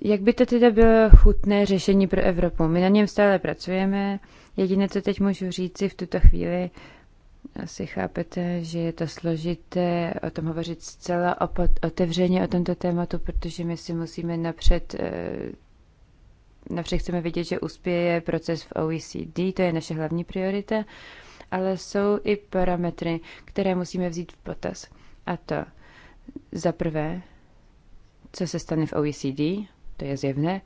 S2: Jak by to teda bylo chutné řešení pro Evropu? My na něm stále pracujeme. Jediné, co teď můžu říci v tuto chvíli, asi chápete, že je to složité o tom hovořit zcela otevřeně o tomto tématu, protože my si musíme napřed eh, všech chceme vidět, že uspěje proces v OECD, to je naše hlavní priorita, ale jsou i parametry, které musíme vzít v potaz. A to za prvé, co se stane v OECD, to je zjevné,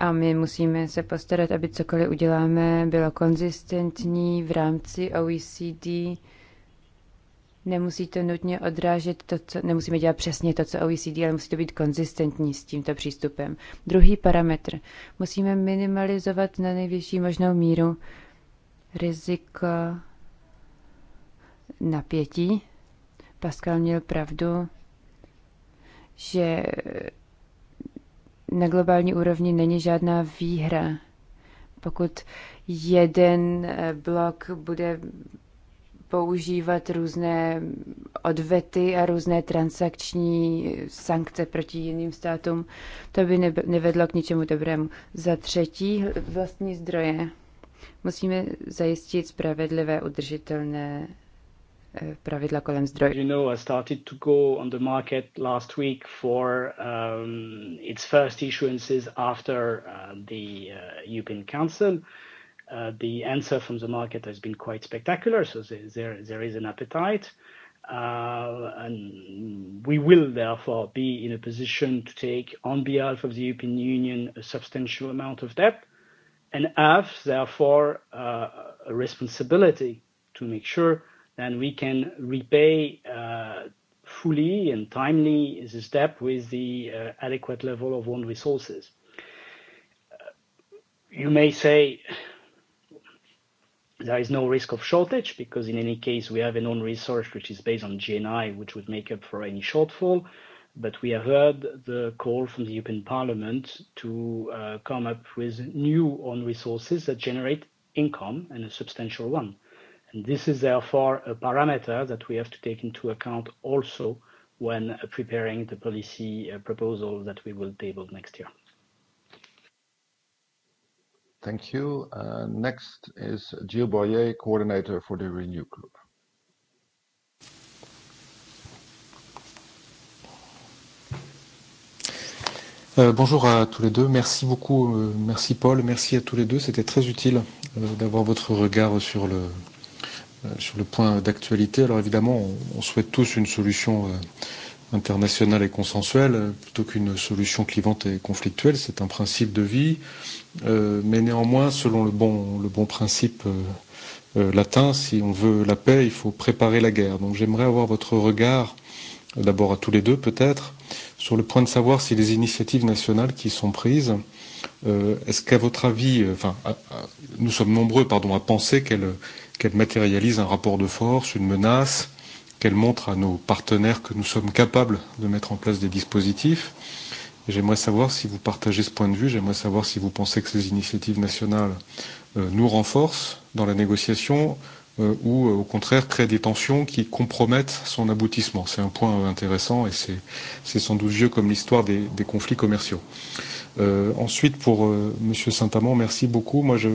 S2: a my musíme se postarat, aby cokoliv uděláme, bylo konzistentní v rámci OECD, Nemusí to nutně odrážet to, co, nemusíme dělat přesně to, co OECD, ale musí to být konzistentní s tímto přístupem. Druhý parametr. Musíme minimalizovat na největší možnou míru riziko napětí. Pascal měl pravdu, že na globální úrovni není žádná výhra. Pokud jeden blok bude používat různé odvety a různé transakční sankce proti jiným státům. To by nevedlo k ničemu dobrému. Za třetí, vlastní zdroje. Musíme zajistit spravedlivé, udržitelné eh, pravidla kolem
S6: zdrojů. You know, I started to go on the market last week for um, its first issuances after uh, the uh, European Council. Uh, the answer from the market has been quite spectacular, so there is an appetite. Uh, and we will therefore be in a position to take, on behalf of the European Union, a substantial amount of debt, and have, therefore, uh, a responsibility to make sure that we can repay fully and timely this debt with the adequate level of own resources. You may say, There is no risk of shortage because in any case, we have an own resource which is based on GNI, which would make up for any shortfall. But we have heard the call from the European Parliament to uh, come up with new own resources that generate income and a substantial one. And this is therefore a parameter that we have to take into account also when preparing the policy uh, proposal that we will table next year.
S1: Thank you. Uh, Next is Gilles Boyer, coordinator for the Renew Group.
S5: Euh, bonjour à tous les deux. Merci beaucoup. Euh, Merci Paul. Merci à tous les deux. C'était très utile euh, d'avoir votre regard sur le euh, sur le point d'actualité. Alors évidemment, on on souhaite tous une solution euh, internationale et consensuelle euh, plutôt qu'une solution clivante et conflictuelle. C'est un principe de vie, euh, mais néanmoins, selon le bon, le bon principe euh, euh, latin, si on veut la paix, il faut préparer la guerre. Donc j'aimerais avoir votre regard, euh, d'abord à tous les deux peut-être, sur le point de savoir si les initiatives nationales qui sont prises, euh, est-ce qu'à votre avis, euh, enfin, euh, nous sommes nombreux, pardon, à penser qu'elles qu matérialisent un rapport de force, une menace, euh, qu'elle montre à nos partenaires que nous sommes capables de mettre en place des dispositifs. J'aimerais savoir si vous partagez ce point de vue, j'aimerais savoir si vous pensez que ces initiatives nationales euh, nous renforcent dans la négociation euh, ou euh, au contraire créent des tensions qui compromettent son aboutissement. C'est un point euh, intéressant et c'est sans doute vieux comme l'histoire des, des conflits commerciaux. Euh, ensuite, pour euh, M. Saint-Amand, merci beaucoup. Moi, je,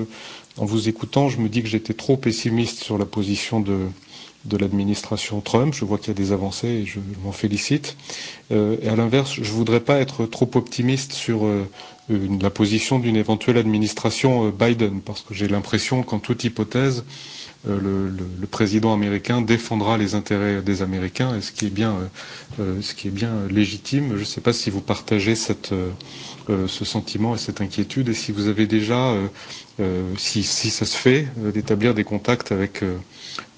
S5: en vous écoutant, je me dis que j'étais trop pessimiste sur la position de, euh, de l'administration Trump. Je vois qu'il y a des avancées et je, je m'en félicite. Euh, et à l'inverse, je ne voudrais pas être trop optimiste sur euh, une, la position d'une éventuelle administration euh, Biden, parce que j'ai l'impression qu'en toute hypothèse, euh, le, le, le président américain défendra les intérêts des Américains, et ce qui est bien, euh, euh ce qui est bien légitime. Je ne sais pas si vous partagez cette, euh, euh, ce sentiment et cette inquiétude, et si vous avez déjà, euh, euh, si, si ça se fait, euh, d'établir des contacts avec. Euh,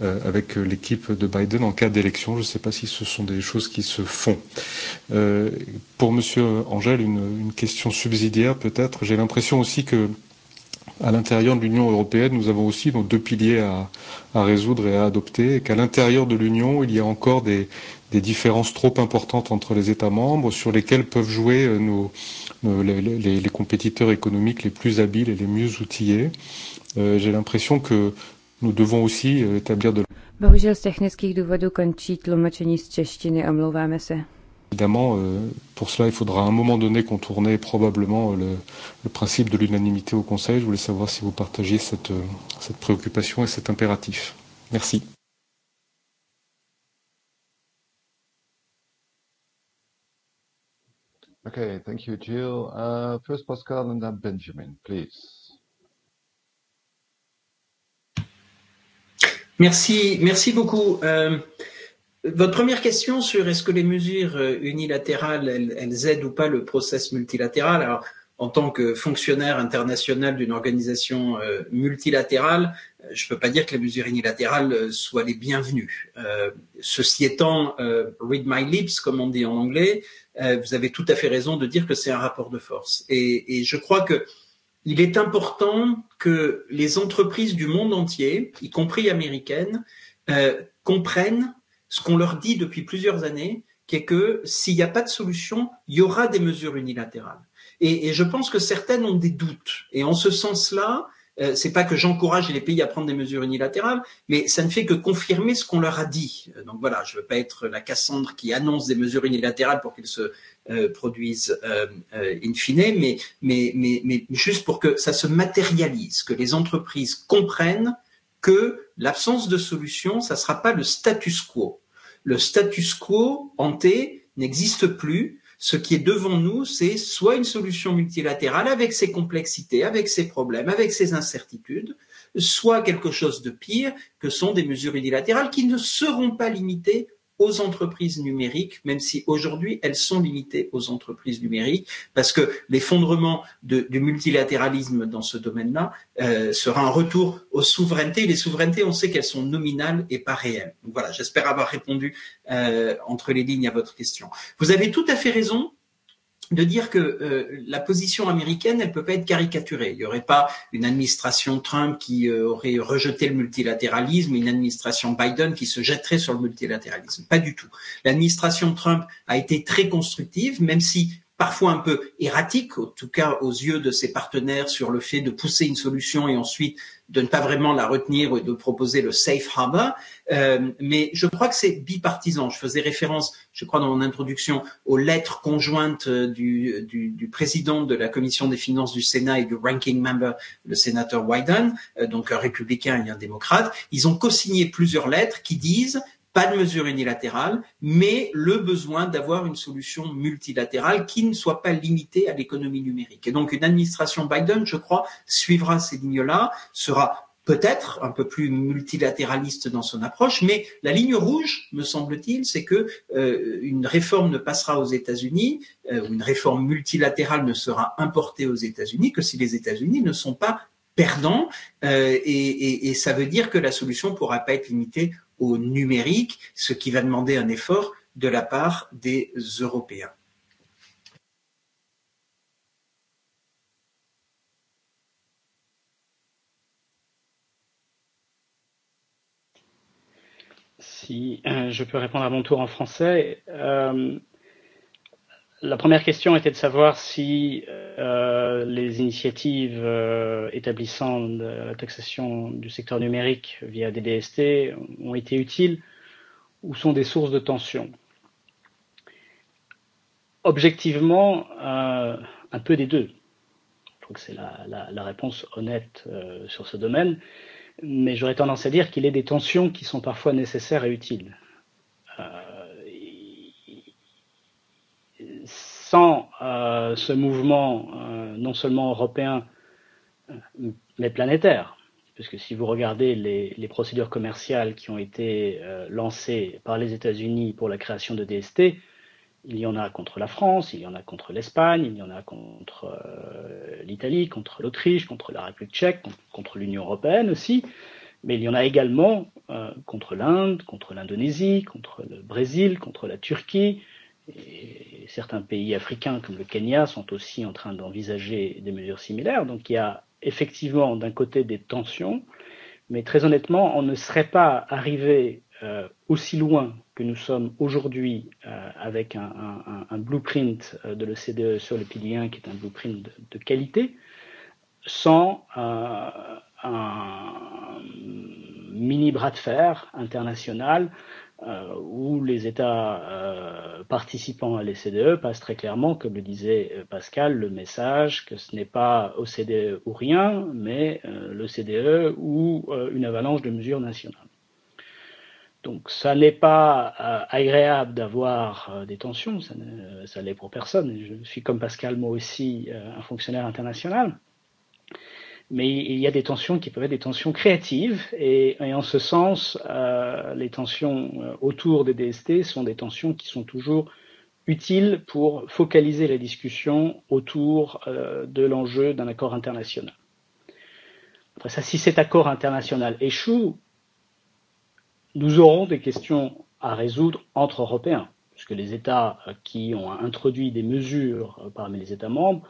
S5: euh, avec l'équipe de Biden en cas d'élection. Je ne sais pas si ce sont des choses qui se font. Euh, pour M. Angèle, une, une question subsidiaire peut-être. J'ai l'impression aussi que à l'intérieur de l'Union européenne, nous avons aussi nos deux piliers à, à résoudre et à adopter, et qu'à l'intérieur de l'Union, il y a encore des, des différences trop importantes entre les États membres sur lesquelles peuvent jouer euh, nos, nos, les, les, les compétiteurs économiques les plus habiles et les mieux outillés. Euh, J'ai l'impression que Nous devons aussi euh, établir de...
S2: Bohužel z technických důvodů končí tlumočení z češtiny, omlouváme se.
S5: Évidemment, euh, pour cela, il faudra à un moment donné contourner probablement euh, le, le principe de l'unanimité au Conseil. Je voulais savoir si vous partagez cette, cette préoccupation et cet impératif. Merci.
S1: Okay, thank you, Jill. Uh, first Pascal and then Benjamin, please.
S7: Merci, merci beaucoup. Euh, votre première question sur est-ce que les mesures euh, unilatérales, elles, elles aident ou pas le process multilatéral Alors, en tant que fonctionnaire international d'une organisation euh, multilatérale, euh, je ne peux pas dire que les mesures unilatérales euh, soient les bienvenues. Euh, ceci étant, euh, read my lips, comme on dit en anglais, euh, vous avez tout à fait raison de dire que c'est un rapport de force. Et, et je crois que euh, il est important que les entreprises du monde entier, y compris américaines, euh, comprennent ce qu'on leur dit depuis plusieurs années, qui est que s'il n'y a pas de solution, il y aura des mesures unilatérales. Et, et, je pense que certaines ont des doutes. Et en ce sens-là, euh, c'est pas que j'encourage les pays à prendre des mesures unilatérales, mais ça ne fait que confirmer ce qu'on leur a dit. Donc voilà, je ne veux pas être la Cassandre qui annonce des mesures unilatérales pour qu'elles se Euh, produisent euh, euh, in fine, mais, mais, mais, mais juste pour que ça se matérialise, que les entreprises comprennent que l'absence de solution, ça ne sera pas le status quo. Le status quo hanté n'existe plus. Ce qui est devant nous, c'est soit une solution multilatérale avec ses complexités, avec ses problèmes, avec ses incertitudes, soit quelque chose de pire que sont des mesures unilatérales qui ne seront pas limitées aux entreprises numériques, même si aujourd'hui elles sont limitées aux entreprises numériques, parce que l'effondrement du multilatéralisme dans ce domaine-là euh, sera un retour aux souverainetés. Les souverainetés, on sait qu'elles sont nominales et pas réelles. Donc voilà, j'espère avoir répondu euh, entre les lignes à votre question. Vous avez tout à fait raison de dire que euh, la position américaine, elle peut pas être caricaturée. Il n'y aurait pas une administration Trump qui euh, aurait rejeté le multilatéralisme, une administration Biden qui se jetterait sur le multilatéralisme. Pas du tout. L'administration Trump a été très constructive, même si parfois un peu erratique, en tout cas aux yeux de ses partenaires, sur le fait de pousser une solution et ensuite de ne pas vraiment la retenir et de proposer le safe harbor. Euh, mais je crois que c'est bipartisan. Je faisais référence, je crois dans mon introduction, aux lettres conjointes euh, du, du, du président de la commission des finances du Sénat et du ranking member, le sénateur Wyden, euh, donc un républicain et un démocrate. Ils ont co-signé plusieurs lettres qui disent pas de mesure unilatérale, mais le besoin d'avoir une solution multilatérale qui ne soit pas limitée à l'économie numérique. Et donc une administration Biden, je crois, suivra ces lignes-là, sera peut-être un peu plus multilatéraliste dans son approche, mais la ligne rouge, me semble-t-il, c'est que euh, une réforme ne passera aux États-Unis, euh, une réforme multilatérale ne sera importée aux États-Unis que si les États-Unis ne sont pas perdants, euh, et, et, et ça veut dire que la solution ne pourra pas être limitée au numérique, ce qui va demander un effort de la part des Européens.
S6: Si euh, je peux répondre à mon tour en français, euh, la première question était de savoir si euh, les initiatives euh, établissant de euh, la taxation du secteur numérique via des DST ont été utiles ou sont des sources de tension. Objectivement, euh, un peu des deux. Je trouve que c'est la, la, la réponse honnête euh, sur ce domaine, mais j'aurais tendance à dire qu'il est des tensions qui sont parfois nécessaires et utiles Euh, ce mouvement euh, non seulement européen, euh, mais planétaire. Puisque si vous regardez les, les procédures commerciales qui ont été euh, lancées par les États-Unis pour la création de DST, il y en a contre la France, il y en a contre l'Espagne, il y en a contre euh, l'Italie, contre l'Autriche, contre la République tchèque, contre, contre l'Union européenne aussi mais il y en a également euh, contre l'Inde, contre l'Indonésie, contre le Brésil, contre la Turquie, et certains pays africains comme le Kenya sont aussi en train d'envisager des mesures similaires. Donc il y a effectivement d'un côté des tensions, mais très honnêtement, on ne serait pas arrivé euh, aussi loin que nous sommes aujourd'hui euh, avec un, un, un, blueprint euh, de l'OCDE sur le pilier 1 qui est un blueprint de, de qualité sans euh, un mini bras de fer international Euh, où les États euh, participants à l'ECDE passent très clairement, comme le disait euh, Pascal, le message que ce n'est pas au CDE ou rien, mais euh, l'OCDE ou une avalanche de mesures nationales. Donc ça n'est pas euh, agréable d'avoir euh, des tensions, ça, ne, ça l'est pour personne. Je suis comme Pascal, moi aussi, euh, un fonctionnaire international mais il y a des tensions qui peuvent être des tensions créatives, et, et en ce sens, euh, les tensions euh, autour des DST sont des tensions qui sont toujours utiles pour focaliser la discussion autour euh, de l'enjeu d'un accord international. Après ça, si cet accord international échoue, nous aurons des questions à résoudre entre Européens, puisque les États euh, qui ont introduit des mesures euh, parmi les États membres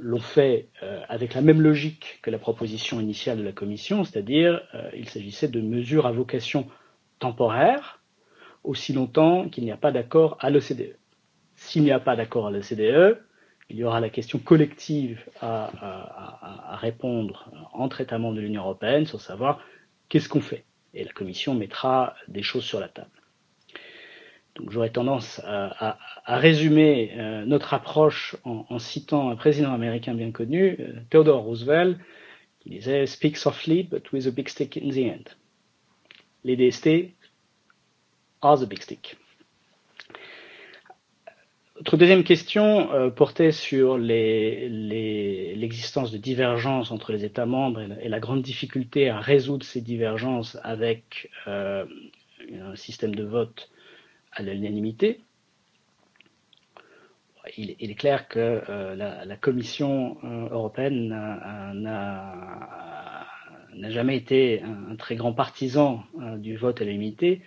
S6: l'ont fait euh, avec la même logique que la proposition initiale de la Commission, c'est-à-dire euh, il s'agissait de mesures à vocation temporaire, aussi longtemps qu'il n'y a pas d'accord à l'OCDE. S'il n'y a pas d'accord à l'OCDE, il y aura la question collective à, à, à répondre entre États membres de l'Union européenne sur savoir qu'est-ce qu'on fait. Et la Commission mettra des choses sur la table. Donc j'aurais tendance à, à, à résumer euh, notre approche en, en, citant un président américain bien connu, euh, Theodore Roosevelt, qui disait Speak softly, but with a big stick in the end. Les DST are the big stick. Notre deuxième question euh, portait sur l'existence les, les, de divergences entre les États membres et la, et la, grande difficulté à résoudre ces divergences avec euh, un système de vote euh, à l'unanimité. Il, il, est clair que euh, la, la, Commission euh, européenne n'a jamais été un, un, très grand partisan euh, du vote à l'unanimité.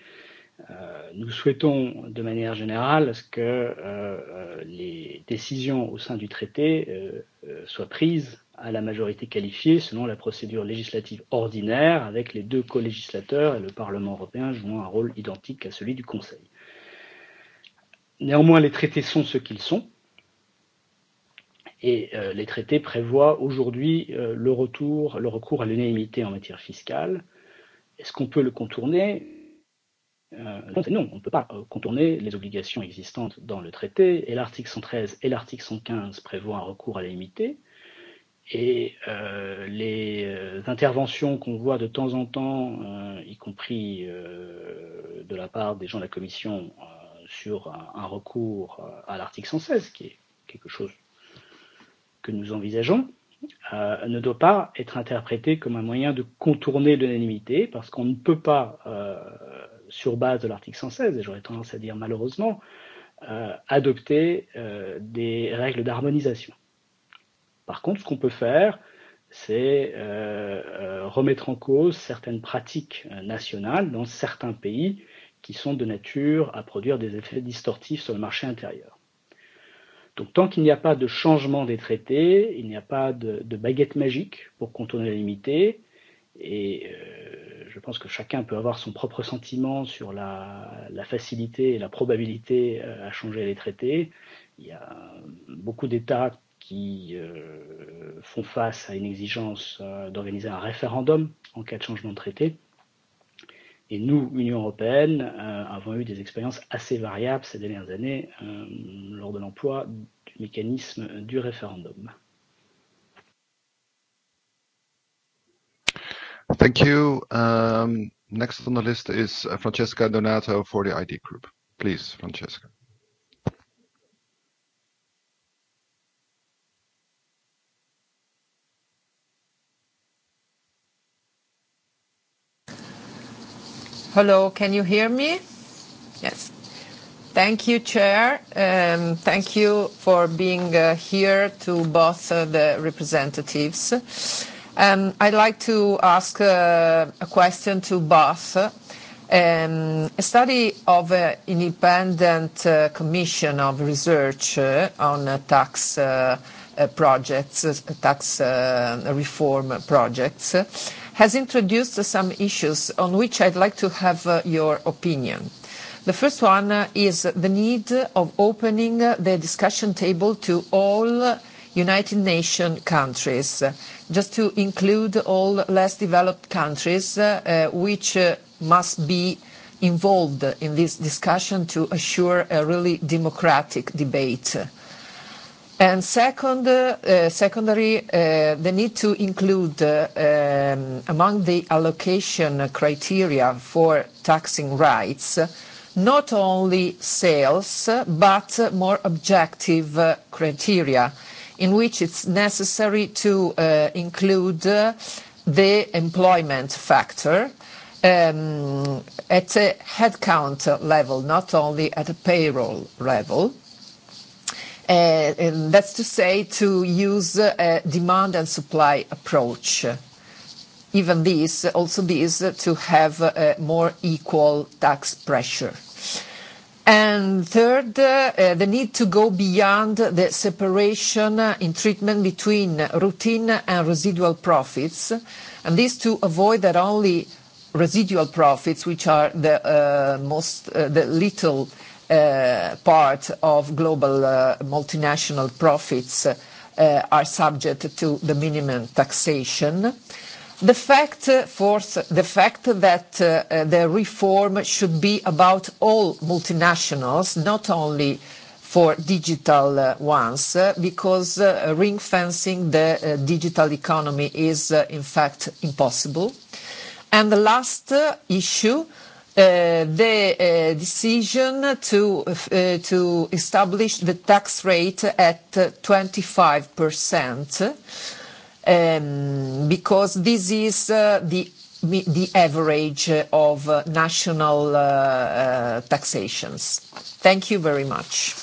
S6: Euh, nous souhaitons de manière générale ce que euh, euh les décisions au sein du traité euh, euh, soient prises à la majorité qualifiée selon la procédure législative ordinaire avec les deux co-législateurs et le Parlement européen jouant un rôle identique à celui du Conseil. Néanmoins, les traités sont ce qu'ils sont. Et euh, les traités prévoient aujourd'hui euh, le retour, le recours à l'unanimité en matière fiscale. Est-ce qu'on peut le contourner euh, Non, on ne peut pas euh, contourner les obligations existantes dans le traité. Et l'article 113 et l'article 115 prévoient un recours à l'unanimité. Et euh, les euh, interventions qu'on voit de temps en temps, euh, y compris euh, de la part des gens de la Commission euh, sur un, un recours euh, à l'article 116, qui est quelque chose que nous envisageons, euh, ne doit pas être interprété comme un moyen de contourner l'unanimité, parce qu'on ne peut pas, euh, sur base de l'article 116, et j'aurais tendance à dire malheureusement, euh, adopter euh, des règles d'harmonisation. Par contre, ce qu'on peut faire, c'est euh, remettre en cause certaines pratiques nationales dans certains pays qui sont de nature à produire des effets distortifs sur le marché intérieur. Donc tant qu'il n'y a pas de changement des traités, il n'y a pas de, de, baguette magique pour contourner la limité, et euh, je pense que chacun peut avoir son propre sentiment sur la, la facilité et la probabilité euh, à changer les traités. Il y a beaucoup d'États qui euh, font face à une exigence euh, d'organiser un référendum en cas de changement de traité. Euh, Et nous, Union européenne, euh, avons eu des expériences assez variables ces dernières années euh, lors de l'emploi du mécanisme du référendum.
S1: Thank you. Um, next on the list is uh, Francesca Donato for the ID Group. Please, Francesca.
S8: Hello, can you hear me? Yes. Thank you, Chair. Um, thank you for being uh, here to both uh, the representatives. Um, I'd like to ask uh, a question to both. Um, a study of an uh, independent uh, commission of research uh, on tax projects, tax reform projects, has introduced some issues on which I'd like to have uh, your opinion. The first one is the need of opening the discussion table to all United Nations countries, just to include all less developed countries, uh, which uh, must be involved in this discussion to assure a really democratic debate. And second, uh, secondary, uh, the need to include uh, um, among the allocation criteria for taxing rights not only sales, but more objective criteria in which it's necessary to uh, include the employment factor, um, at a headcount level, not only at a payroll level. Eh, eh, that's to say, to use a eh, demand and supply approach. Even this, also this, to have a more equal tax pressure. And third, uh, the need to go beyond the separation in treatment between routine and residual profits, and this to avoid that only residual profits, which are the uh, most, uh, the little Uh, part of global uh, multinational profits uh, are subject to the minimum taxation. The fact, uh, fourth, the fact that uh, uh, the reform should be about all multinationals, not only for digital uh, ones, uh, because uh, ring fencing the uh, digital economy is uh, in fact impossible. And the last uh, issue, Uh, the uh, decision to uh, to establish the tax rate at 25%, um, because this is the the average of national taxations. Thank you very much.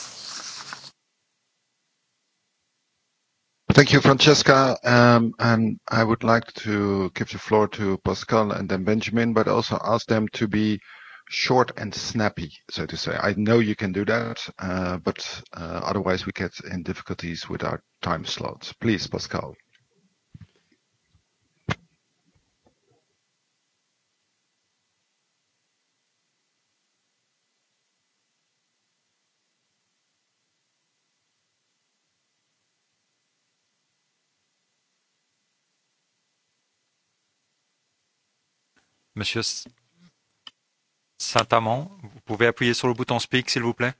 S1: Thank you, Francesca. Um, and I would like to give the floor to Pascal and then Benjamin, but also ask them to be short and snappy, so to say. I know you can do that, uh, but uh, otherwise we get in difficulties with our time slots. Please, Pascal.
S4: Monsieur Saint-Amand, vous pouvez appuyer sur le bouton Speak, s'il vous plaît.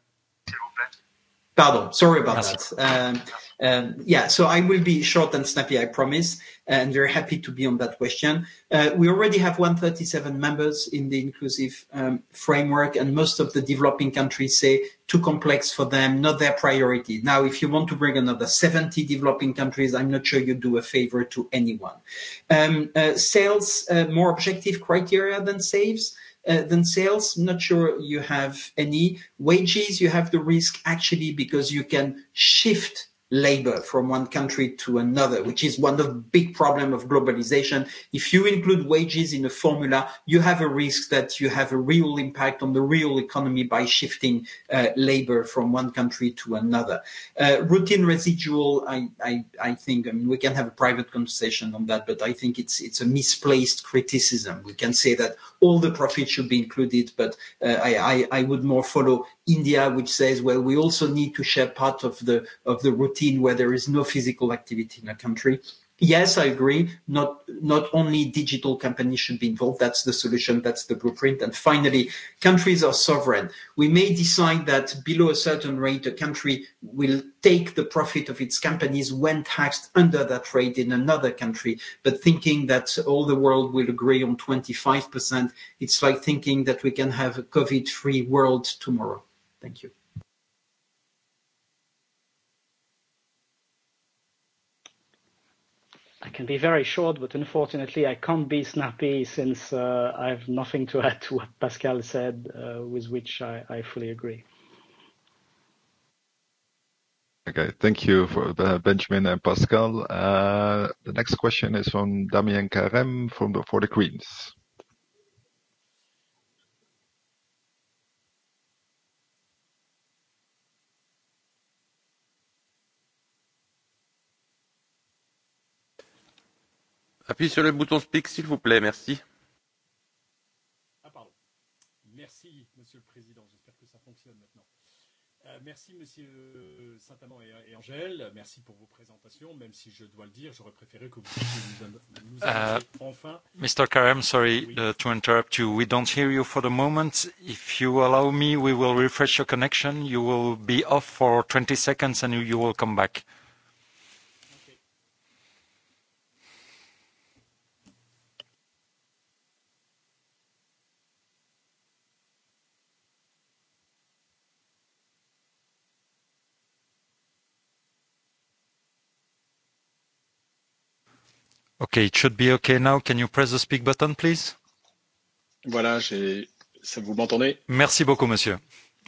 S4: Pardon, sorry about Merci.
S7: that. Um, Um, yeah, so I will be short and snappy, I promise, and very happy to be on that question. Uh, we already have 137 members in the inclusive um, framework, and most of the developing countries say too complex for them, not their priority. Now, if you want to bring another 70 developing countries, I'm not sure you do a favor to anyone. Um, uh, sales, uh, more objective criteria than saves. Uh, than sales. Not sure you have any wages. You have the risk actually because you can shift labor from one country to another, which is one of the big problem of globalization. If you include wages in a formula, you have a risk that you have a real impact on the real economy by shifting uh, labor from one country to another. Uh, routine residual, I, I, I think, I mean, we can have a private conversation on that, but I think it's, it's a misplaced criticism. We can say that all the profit should be included, but uh, I, I, I would more follow India, which says, well, we also need to share part of the of the routine where there is no physical activity in a country. Yes, I agree. Not not only digital companies should be involved. That's the solution. That's the blueprint. And finally, countries are sovereign. We may decide that below a certain rate, a country will take the profit of its companies when taxed under that rate in another country. But thinking that all the world will agree on 25%, it's like thinking that we can have a COVID-free world tomorrow. Thank you.
S6: I can be very short, but unfortunately, I can't be snappy since uh, I have nothing to add to what Pascal said, uh, with which I, I fully agree.
S1: Okay, thank you for uh, Benjamin and Pascal. Uh, the next question is from Damien Karem from the, for the Queens.
S4: Appuyez sur le bouton speak, s'il vous plaît. Merci.
S9: Ah, pardon. Merci, Monsieur le Président. J'espère que ça fonctionne maintenant. Euh, merci, Monsieur euh, Saint-Amand et, et Angèle. Merci pour vos présentations, même si je dois le dire, j'aurais préféré que vous nous, nous uh,
S4: enfin. Mr. Karem, sorry oui. uh, to interrupt you. We don't hear you for the moment. If you allow me, we will refresh your connection. You will be off for 20 seconds and you, will come back. Okay, it should be okay now. Can you press the speak button, please?
S9: Voilà, j'ai. Vous m'entendez?
S4: Merci beaucoup, monsieur.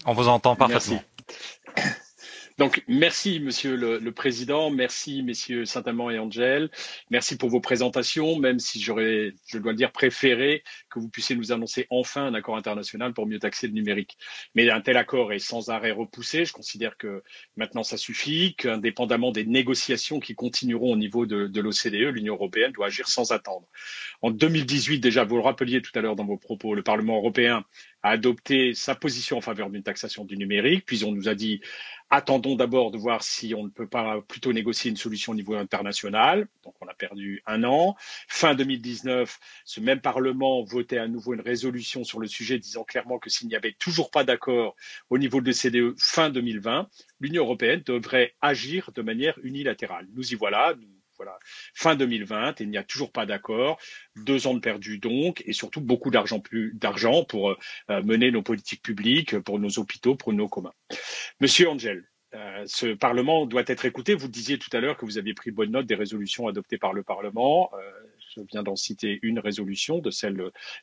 S4: On vous entend parfaitement.
S9: Merci. Donc, merci, Monsieur le, le Président, merci, Messieurs Saint-Amand et Angel, merci pour vos présentations, même si j'aurais, je dois le dire, préféré que vous puissiez nous annoncer enfin un accord international pour mieux taxer le numérique. Mais un tel accord est sans arrêt repoussé. Je considère que maintenant, ça suffit, qu'indépendamment des négociations qui continueront au niveau de, de l'OCDE, l'Union européenne doit agir sans attendre. En 2018, déjà, vous le rappeliez tout à l'heure dans vos propos, le Parlement européen a adopté sa position en faveur d'une taxation du numérique, puis on nous a dit attendons d'abord de voir si on ne peut pas plutôt négocier une solution au niveau international. Donc on a perdu un an. Fin 2019, ce même Parlement votait à nouveau une résolution sur le sujet disant clairement que s'il n'y avait toujours pas d'accord au niveau de l'OCDE fin 2020, l'Union européenne devrait agir de manière unilatérale. Nous y voilà, nous Voilà. Fin 2020, et il n'y a toujours pas d'accord. Deux ans de perdu donc, et surtout beaucoup d'argent plus d'argent pour euh, mener nos politiques publiques, pour nos hôpitaux, pour nos communs. Monsieur Angel, euh, ce Parlement doit être écouté. Vous disiez tout à l'heure que vous aviez pris bonne note des résolutions adoptées par le Parlement. Euh, je viens d'en citer une résolution de celle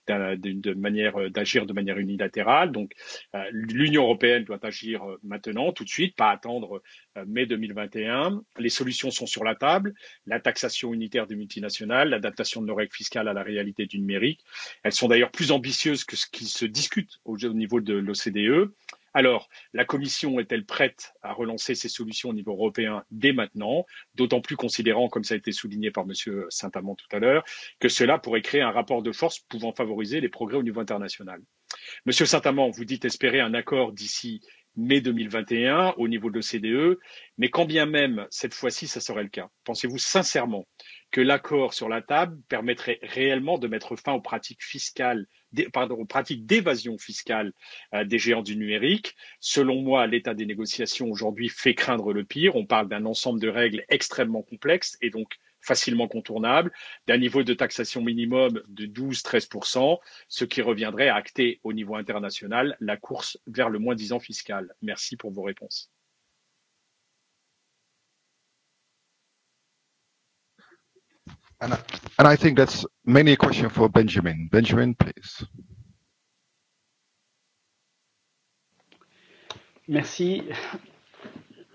S9: de manière euh, d'agir de manière unilatérale. Donc euh, l'Union européenne doit agir euh, maintenant, tout de suite, pas attendre mai 2021. Les solutions sont sur la table la taxation unitaire des multinationales, l'adaptation de nos règles fiscales à la réalité du numérique. Elles sont d'ailleurs plus ambitieuses que ce qui se discute au niveau de l'OCDE. Alors, la Commission est-elle prête à relancer ces solutions au niveau européen dès maintenant, d'autant plus considérant, comme ça a été souligné par M. Saint-Amand tout à l'heure, que cela pourrait créer un rapport de force pouvant favoriser les progrès au niveau international Monsieur Saint-Amand, vous dites espérer un accord d'ici mai 2021 au niveau de l'OCDE, mais quand bien même cette fois-ci ça serait le cas, pensez-vous sincèrement que l'accord sur la table permettrait réellement de mettre fin aux pratiques fiscales pardon, aux pratiques d'évasion fiscale euh, des géants du numérique. Selon moi, l'état des négociations aujourd'hui fait craindre le pire. On parle d'un ensemble de règles extrêmement complexes et donc facilement contournables, d'un niveau de taxation minimum de 12-13%, ce qui reviendrait à acter au niveau international la course vers le moins-disant fiscal. Merci pour vos réponses.
S1: And I, and I think that's mainly a question for Benjamin. Benjamin, please.
S6: Merci.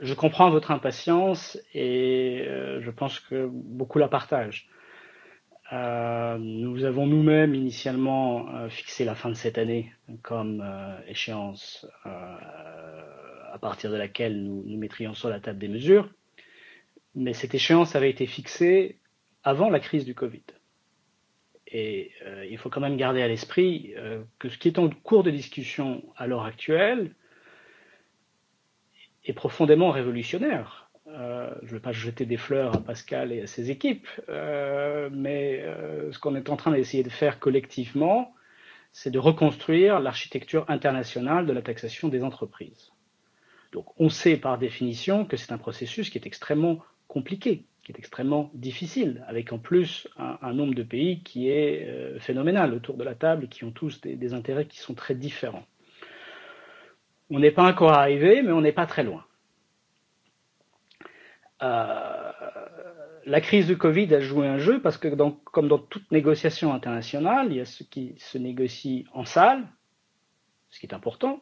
S6: Je comprends votre impatience et euh, je pense que beaucoup la partagent. Euh, nous avons nous-mêmes initialement euh, fixé la fin de cette année comme euh, échéance euh, à partir de laquelle nous, nous mettrions sur la table des mesures. Mais cette échéance avait été fixée avant la crise du Covid. Et euh, il faut quand même garder à l'esprit euh, que ce qui est en cours de discussion à l'heure actuelle est profondément révolutionnaire. Euh, je ne veux pas jeter des fleurs à Pascal et à ses équipes, euh, mais euh, ce qu'on est en train d'essayer de faire collectivement, c'est de reconstruire l'architecture internationale de la taxation des entreprises. Donc on sait par définition que c'est un processus qui est extrêmement compliqué, qui est extrêmement difficile, avec en plus un, un nombre de pays qui est euh, phénoménal autour de la table qui ont tous des, des intérêts qui sont très différents. On n'est pas encore arrivé, mais on n'est pas très loin. Euh, la crise du Covid a joué un jeu parce que, dans, comme dans toute négociation internationale, il y a ce qui se négocie en salle, ce qui est important,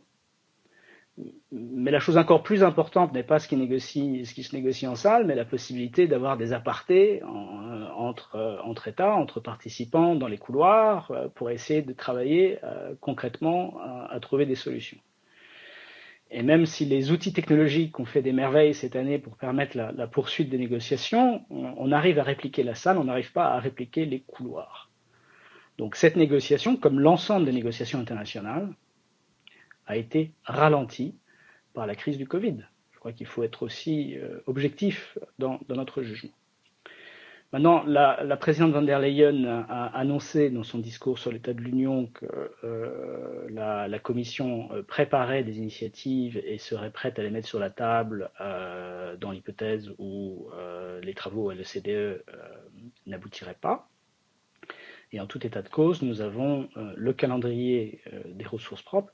S6: mais la chose encore plus importante n'est pas ce qui, négocie, ce qui se négocie en salle, mais la possibilité d'avoir des apartés en, euh, entre, euh, entre États, entre participants dans les couloirs, euh, pour essayer de travailler euh, concrètement à, à trouver des solutions. Et même si les outils technologiques ont fait des merveilles cette année pour permettre la, la poursuite des négociations, on, on, arrive à répliquer la salle, on n'arrive pas à répliquer les couloirs. Donc cette négociation, comme l'ensemble des négociations internationales, a été ralenti par la crise du Covid. Je crois qu'il faut être aussi euh, objectif dans, dans notre jugement. Maintenant, la, la, présidente von der Leyen a annoncé dans son discours sur l'état de l'Union que euh, la, la, Commission euh, préparait des initiatives et serait prête à les mettre sur la table euh, dans l'hypothèse où euh, les travaux à l'OCDE e, euh, n'aboutiraient pas. Et en tout état de cause, nous avons euh, le calendrier euh, des ressources propres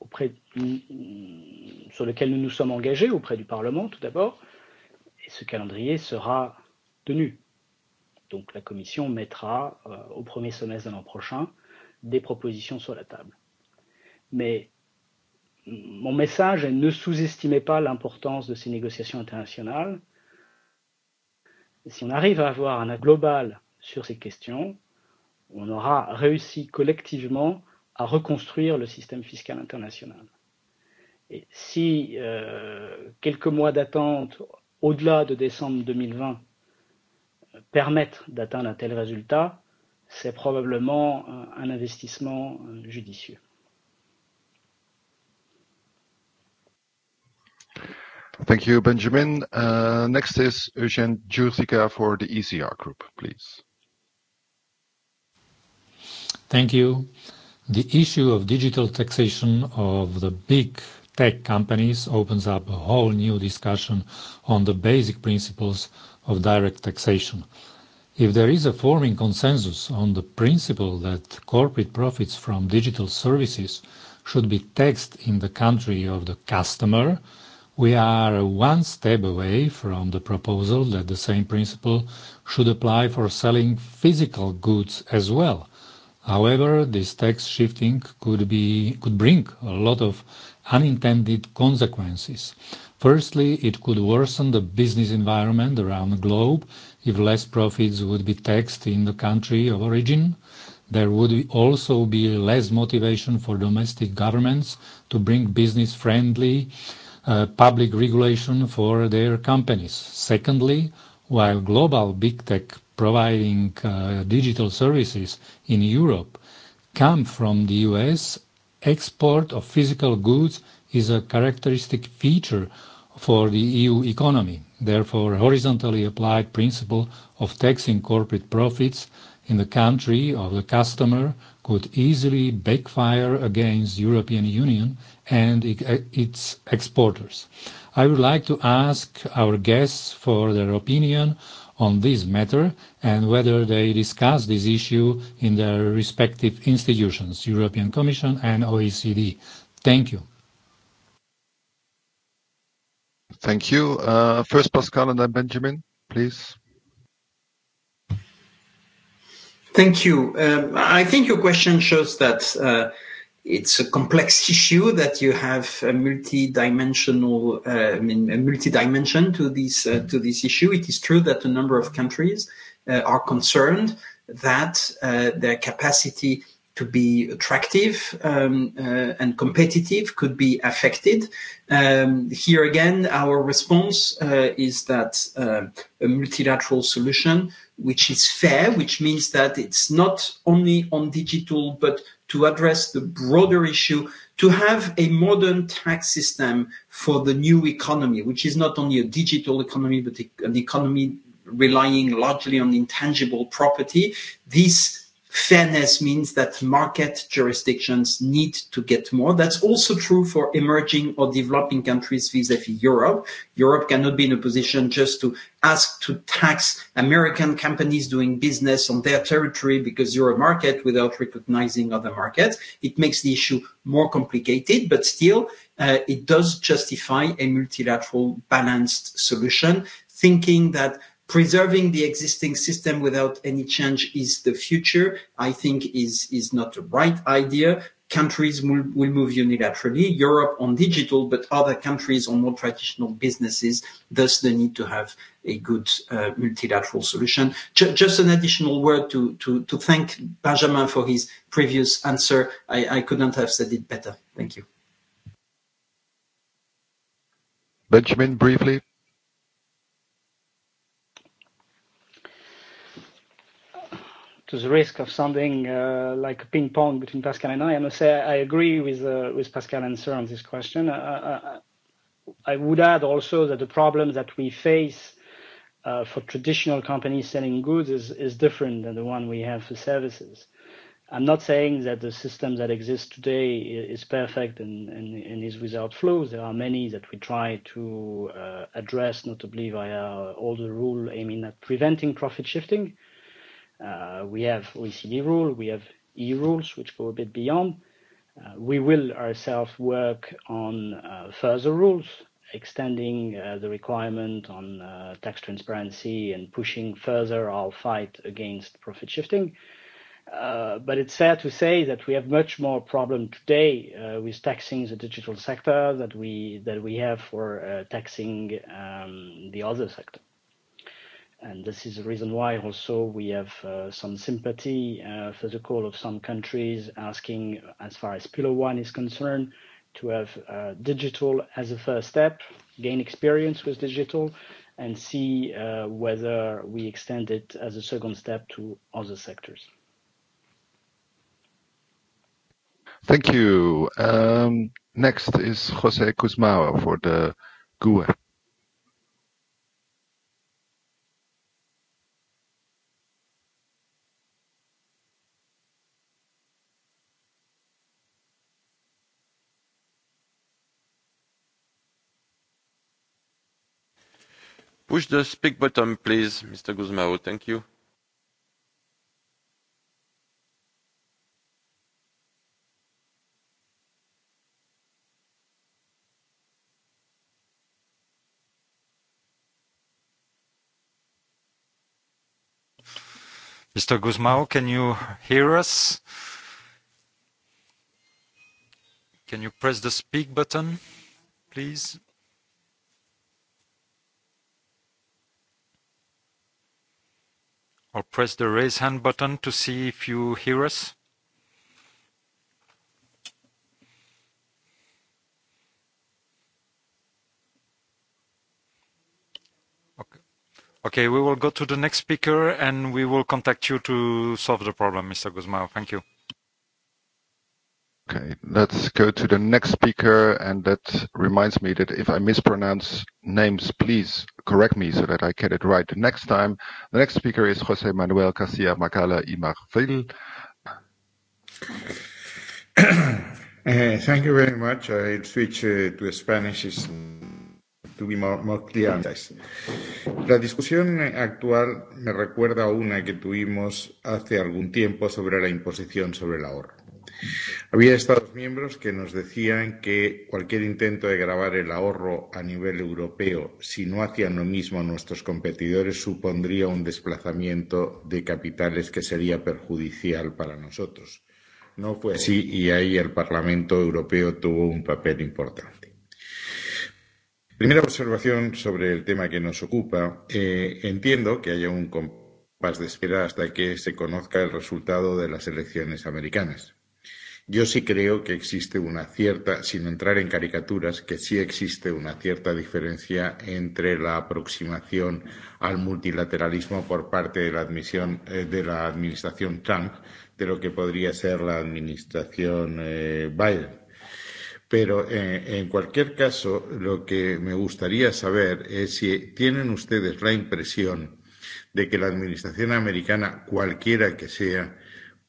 S6: auprès, mm, sur lequel nous nous sommes engagés auprès du Parlement tout d'abord, et ce calendrier sera tenu. Donc la Commission mettra euh, au premier semestre de l'an prochain des propositions sur la table. Mais mm, mon message est ne sous-estimez pas l'importance de ces négociations internationales. Si on arrive à avoir un global sur ces questions, on aura réussi collectivement à reconstruire le système fiscal international. Et si euh, quelques mois d'attente au-delà de décembre 2020 euh, permettent d'atteindre un tel résultat, c'est probablement euh, un investissement euh, judicieux.
S1: Thank you, Benjamin. Uh, next is Eugene Jusica for the ECR group, please.
S10: Thank you. The issue of digital taxation of the big tech companies opens up a whole new discussion on the basic principles of direct taxation. If there is a forming consensus on the principle that corporate profits from digital services should be taxed in the country of the customer, we are one step away from the proposal that the same principle should apply for selling physical goods as well However, this tax shifting could, be, could bring a lot of unintended consequences. Firstly, it could worsen the business environment around the globe if less profits would be taxed in the country of origin. There would also be less motivation for domestic governments to bring business-friendly uh, public regulation for their companies. Secondly, while global big tech providing uh, digital services in Europe come from the U.S., export of physical goods is a characteristic feature for the EU economy. Therefore, horizontally applied principle of taxing corporate profits in the country of the customer could easily backfire against European Union and its uh, exporters. I would like to ask our guests for their opinion on this matter and whether they discuss this issue in their respective institutions, European Commission and OECD.
S1: Thank you. Thank you. Uh, first, Pascal, and then Benjamin, please.
S7: Thank you. Um, I think your question shows that uh, it's a complex issue that you have a multi-dimensional, uh, I mean, a multi-dimension to this uh, to this issue. It is true that a number of countries uh, are concerned that uh, their capacity to be attractive um, uh, and competitive could be affected. Um, here again, our response uh, is that a multilateral solution which is fair, which means that it's not only on digital but to address the broader issue, to have a modern tax system for the new economy, which is not only a digital economy, but an economy relying largely on intangible property. This Fairness means that market jurisdictions need to get more. That's also true for emerging or developing countries vis-à-vis -vis Europe. Europe cannot be in a position just to ask to tax American companies doing business on their territory because you're a market without recognizing other markets. It makes the issue more complicated, but still uh, it does justify a multilateral balanced solution, thinking that preserving the existing system without any change is the future, I think is, is not the right idea. Countries will, will move unilaterally, Europe on digital, but other countries on more traditional businesses, thus the need to have a good uh, multilateral solution. J just an additional word to, to, to thank Benjamin for his previous answer. I, I couldn't have said it better.
S1: Thank you. Benjamin, briefly,
S6: to the risk of sounding uh, like a ping pong between Pascal and I, I must say I agree with uh, with Pascal answer on this question. I, I, I would add also that the problem that we face uh, for traditional companies selling goods is, is different than the one we have for services. I'm not saying that the system that exists today is perfect and, and, and is without flaws. There are many that we try to uh, address, notably via all the rule aiming at preventing profit shifting. Uh, Uh, we have OECD rule, we have EU rules, which go a bit beyond. Uh, we will ourselves work on uh, further rules, extending the requirement on tax transparency and pushing further our fight against profit shifting. But it's fair to say that we have much more problem today with taxing the digital sector that we have for taxing um, the other sector and this is the reason why also we have uh, some sympathy uh, for the call of some countries asking, as far as Pillar 1 is concerned, to have uh, digital as a first step, gain experience with digital, and see uh, whether we extend it as a second step to other sectors.
S1: Thank you. Um, next is Jose Cusmao for the GUE
S4: Push the speak button, please, Mr. Guzmao. Thank you. Mr. Guzmao, can you hear us? Can you press the speak button, please? or press the raise hand button to see if you hear us. Okay. we will go to the next speaker and we will contact you to solve the problem, Mr. Guzmao. Thank you.
S1: Okay, let's go to the next speaker, and that reminds me that if I mispronounce names, please correct me so that I get it right the next time. The next speaker is José Manuel Casilla Macala y Marfil. Uh, thank
S11: you very much. I'll switch uh, to Spanish to be more, more clear. La discusión actual me recuerda a una que tuvimos hace algún tiempo sobre la imposición sobre el ahorro. Había Estados miembros que nos decían que cualquier intento de grabar el ahorro a nivel europeo, si no hacían lo mismo nuestros competidores, supondría un desplazamiento de capitales que sería perjudicial para nosotros. No fue así y ahí el Parlamento Europeo tuvo un papel importante. Primera observación sobre el tema que nos ocupa. Eh, entiendo que haya un compás de espera hasta que se conozca el resultado de las elecciones americanas. Yo sí creo que existe una cierta, sin entrar en caricaturas, que sí existe una cierta diferencia entre la aproximación al multilateralismo por parte de la, admisión, eh, de la administración Trump de lo que podría ser la administración eh, Biden. Pero eh, en cualquier caso, lo que me gustaría saber es si tienen ustedes la impresión de que la administración americana, cualquiera que sea,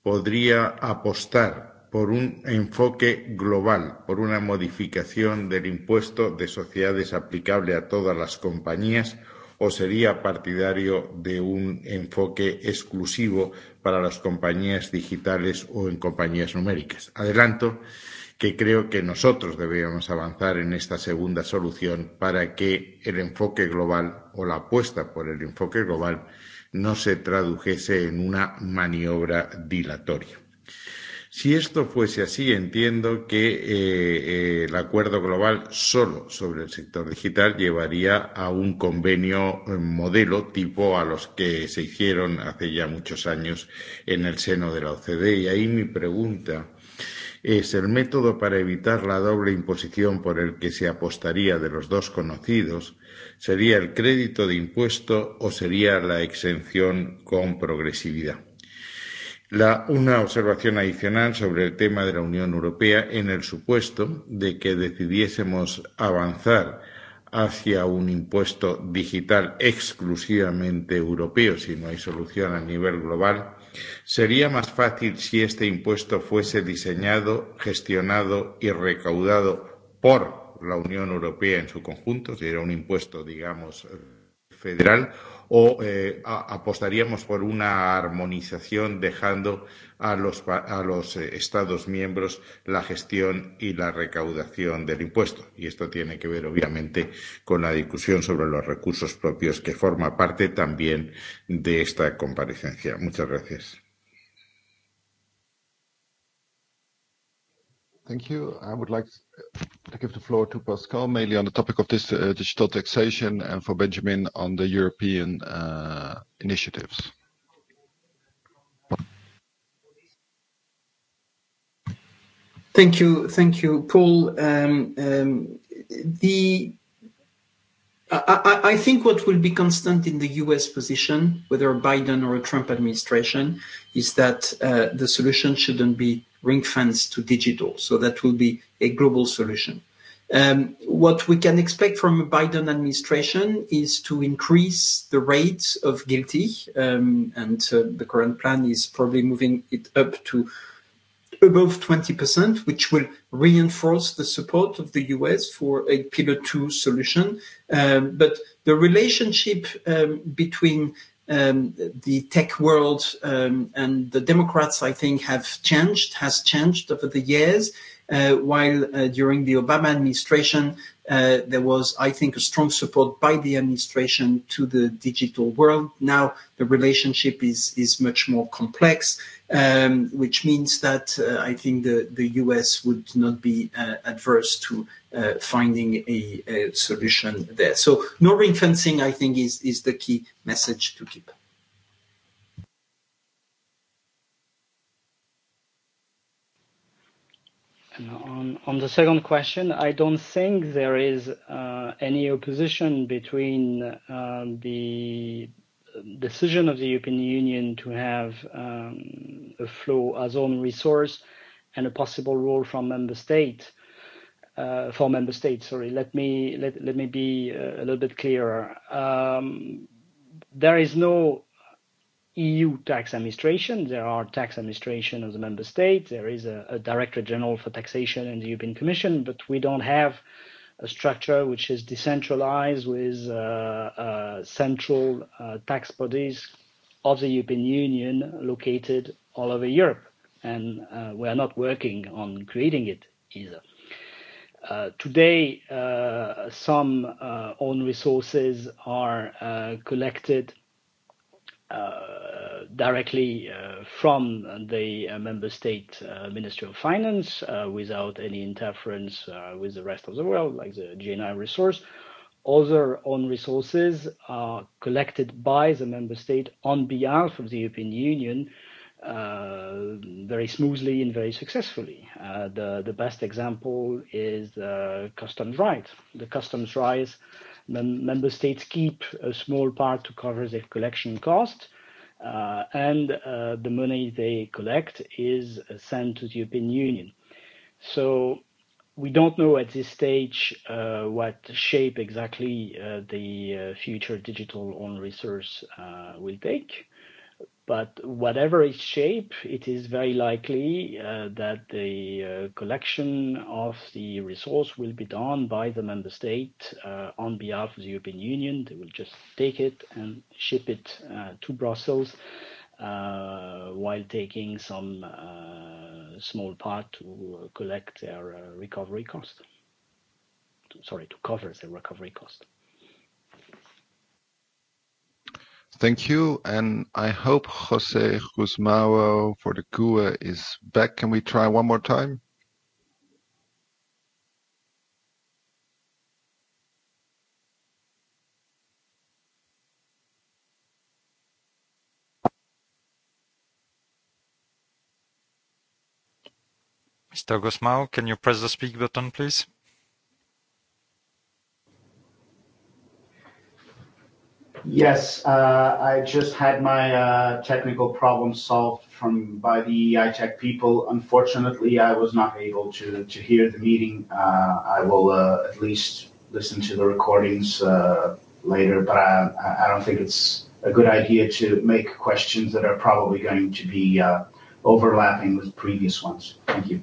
S11: podría apostar por un enfoque global, por una modificación del impuesto de sociedades aplicable a todas las compañías o sería partidario de un enfoque exclusivo para las compañías digitales o en compañías numéricas. Adelanto que creo que nosotros debemos avanzar en esta segunda solución para que el enfoque global o la apuesta por el enfoque global no se tradujese en una maniobra dilatoria. Si esto fuese así, entiendo que eh, eh, el acuerdo global solo sobre el sector digital llevaría a un convenio eh, modelo tipo a los que se hicieron hace ya muchos años en el seno de la OCDE. Y ahí mi pregunta es el método para evitar la doble imposición por el que se apostaría de los dos conocidos, sería el crédito de impuesto o sería la exención con progresividad. La, una observación adicional sobre el tema de la Unión Europea en el supuesto de que decidiésemos avanzar hacia un impuesto digital exclusivamente europeo, si no hay solución a nivel global, sería más fácil si este impuesto fuese diseñado, gestionado y recaudado por la Unión Europea en su conjunto, si era un impuesto, digamos, federal, o eh, a, apostaríamos por una armonización dejando a los, a los eh, Estados miembros la gestión y la recaudación del impuesto. Y esto tiene que ver, obviamente, con la discusión sobre los recursos propios que forma parte también de esta comparecencia. Muchas gracias.
S1: Thank you. I would like to give the floor to Pascal, mainly on the topic of this uh, digital taxation, and for Benjamin on the European uh, initiatives. Thank you. Thank you,
S7: Paul. Um, um, the... I think what will be constant in the U.S. position, whether Biden or a Trump administration, is that uh, the solution shouldn't be ring fence to digital. So that will be a global solution. Um, what we can expect from a Biden administration is to increase the rate of guilty, um, and uh, the current plan is probably moving it up to above 20%, which will reinforce the support of the US for a pillar two solution. Um, but the relationship um, between um, the tech world um, and the Democrats, I think, have changed, has changed over the years. Uh, while uh, during the Obama administration, Uh, there was, I think, a strong support by the administration to the digital world. Now the relationship is is much more complex, um, which means that uh, I think the the US would not be uh, adverse to uh, finding a, a solution there. So no ring fencing, I think, is is the key message to keep.
S6: On the second question, I don't think there is uh, any opposition between um, the decision of the European Union to have um, a flow as own resource and a possible role from member state uh, for member states. Sorry, let me be uh, a little bit clearer. Um, there is no EU tax administration. There are tax administration of the member states. There is a, a director general for taxation in the European Commission, but we don't have a structure which is decentralized with uh, uh, central uh, tax bodies of the European Union located all over Europe. And uh, we are not working on creating it either. Uh, today, uh, some uh, own resources are uh, collected Uh, directly uh, from the uh, member state Ministry of Finance without any interference with the rest of the world, like the GNI resource. Other own resources are collected by the member state on behalf of the European Union very smoothly and very successfully. The the best example is customs right. The customs rights member states keep a small part to cover their collection cost, uh, and uh, the money they collect is uh, sent to the European Union. So we don't know at this stage uh, what shape exactly uh, the uh, future digital own resource will take. But whatever its shape, it is very likely uh, that the uh, collection of the resource will be done by the member state uh, on behalf of the European Union. They will just take it and ship it uh, to Brussels uh, while taking some uh, small part to collect their recovery cost. Sorry, to cover their recovery cost.
S1: Thank you, and I hope Jose Guzmao for the GUE is back. Can we try one more time?
S4: Mr. Guzmao? can you press the speak button, please?
S6: Yes, uh, I just had my uh, technical problem solved from by the EITech people. Unfortunately, I was not able to to hear the meeting. Uh, I will at least listen to the recordings later, but I, I don't think it's a good idea to make questions that are probably going to be overlapping with previous ones. Thank you.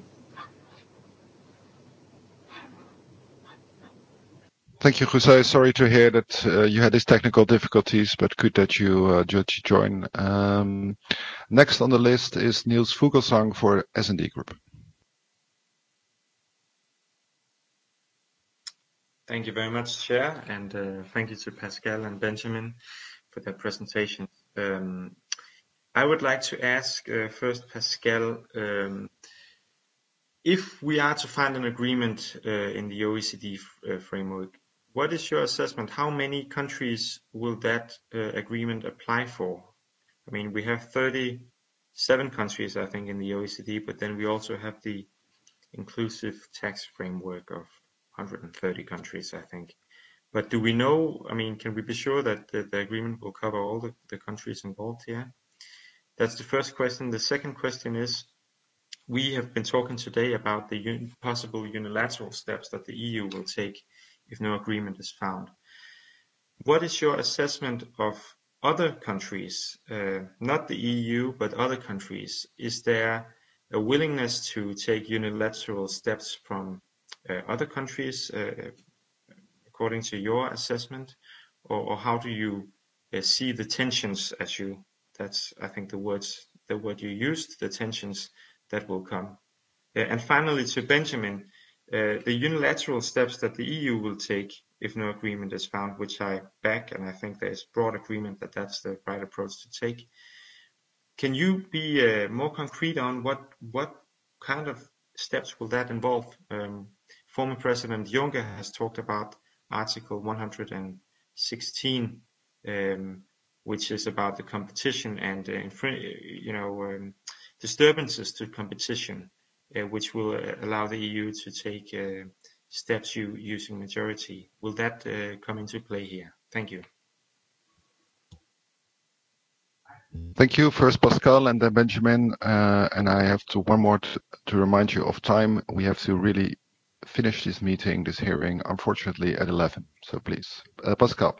S1: Thank you, José. Sorry to hear that uh, you had these technical difficulties, but good that you uh, joined. Um, next on the list is Niels Fugelsang for S&D Group.
S12: Thank you very much, Chair, and uh, thank you to Pascal and Benjamin for their presentation. Um, I would like to ask uh, first, Pascal, um, if we are to find an agreement uh, in the OECD uh, framework, What is your assessment? How many countries will that uh, agreement apply for? I mean, we have 37 countries, I think, in the OECD, but then we also have the inclusive tax framework of 130 countries, I think. But do we know, I mean, can we be sure that the, the agreement will cover all the, the countries involved here? That's the first question. The second question is, we have been talking today about the un possible unilateral steps that the EU will take if no agreement is found. What is your assessment of other countries, uh, not the EU, but other countries? Is there a willingness to take unilateral steps from uh, other countries, uh, according to your assessment, or, or how do you uh, see the tensions as you? That's I think the words the word you used, the tensions that will come. Uh, and finally, to Benjamin, Uh, the unilateral steps that the EU will take if no agreement is found, which I back, and I think there's broad agreement that that's the right approach to take. Can you be uh, more concrete on what what kind of steps will that involve? Um, former President Juncker has talked about Article 116, um, which is about the competition and uh, you know um, disturbances to competition. Uh, which will allow the EU to take uh, steps using majority. Will that uh, come into play here? Thank you.
S1: Thank you. First, Pascal, and then Benjamin. And I have to one more to remind you of time. We have to really finish this meeting, this hearing, unfortunately, at 11. So please, Pascal.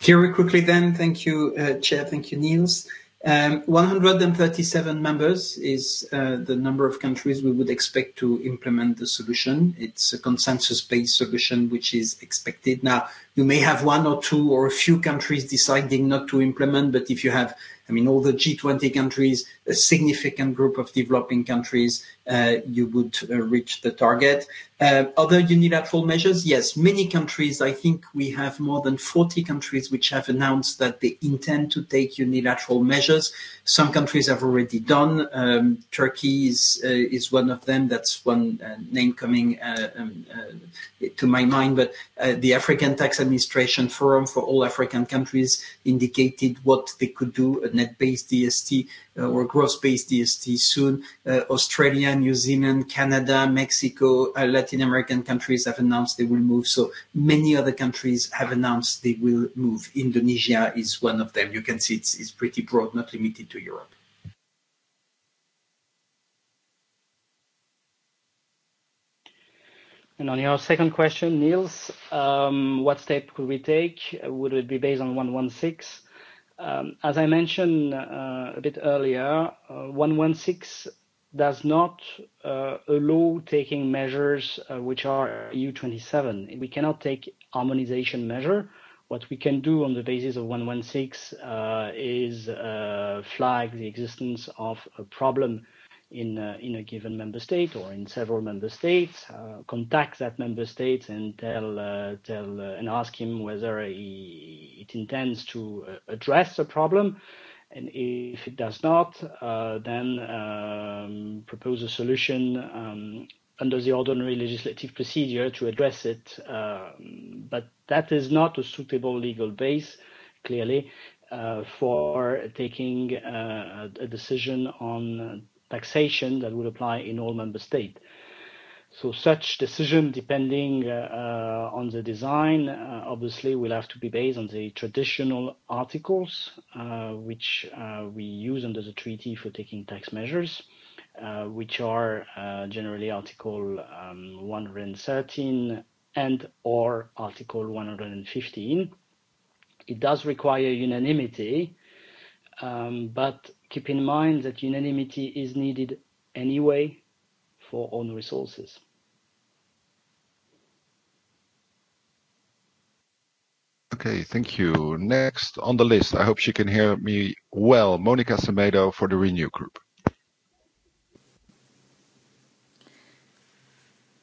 S1: Very quickly then. Thank you, Chair. Thank you,
S7: Niels. 137 um, members is uh, the number of countries we would expect to implement the solution. It's a consensus-based solution which is expected. Now, you may have one or two or a few countries deciding not to implement, but if you have, I mean, all the G20 countries, a significant group of developing countries, uh, you would uh, reach the target. Uh, other unilateral measures, yes, many countries, I think we have more than 40 countries which have announced that they intend to take unilateral measures. Some countries have already done. Um, Turkey is, uh, is one of them. That's one uh, name coming uh, um, uh, to my mind, but uh, the African tax. Administration Forum for all African countries indicated what they could do, a net-based DST uh, or gross based DST soon. Uh, Australia, New Zealand, Canada, Mexico, uh, Latin American countries have announced they will move. So many other countries have announced they will move. Indonesia is one of them. You can see it's, it's pretty broad, not limited to Europe.
S6: On your second question, Niels, um, what step could we take? Would it be based on 116? Um, as I mentioned uh, a bit earlier, 116 uh, does not uh, allow taking measures which are EU-27. We cannot take harmonization measure. What we can do on the basis of 116 is flag the existence of a problem in uh, in a given member state or in several member states, uh, contact that member state and tell uh, tell uh, and ask him whether he, it intends to uh, address the problem, and if it does not, uh, then um, propose a solution. Um, under the ordinary legislative procedure to address it, um, but that is not a suitable legal base, clearly, for taking a decision on taxation that would apply in all member states. So such decision, depending uh, uh, on the design, uh, obviously will have to be based on the traditional articles uh, which uh, we use under the treaty for taking tax measures, uh, which are generally Article um, 113 and or Article 115. It does require unanimity, um, but keep in mind that unanimity is needed anyway for own resources.
S1: Okay, thank you. Next on the list, I hope she can hear me well, Monica Semedo for the Renew Group.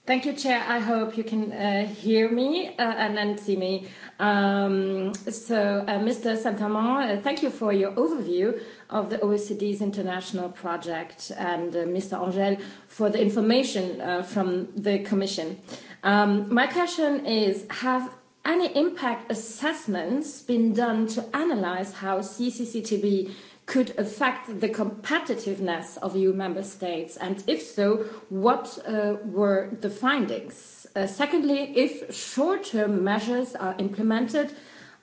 S13: Thank you, Chair. I hope you can uh, hear me uh, and then see me. Um, so, uh, Mr. Saint-Amand, uh, thank you for your overview of the OECD's international project and uh, Mr. Angel for the information uh, from the Commission. Um, my question is, have any impact assessments been done to analyze how CCCTB could affect the competitiveness of EU member states? And if so, what uh, were the findings? Uh, secondly, if short-term measures are implemented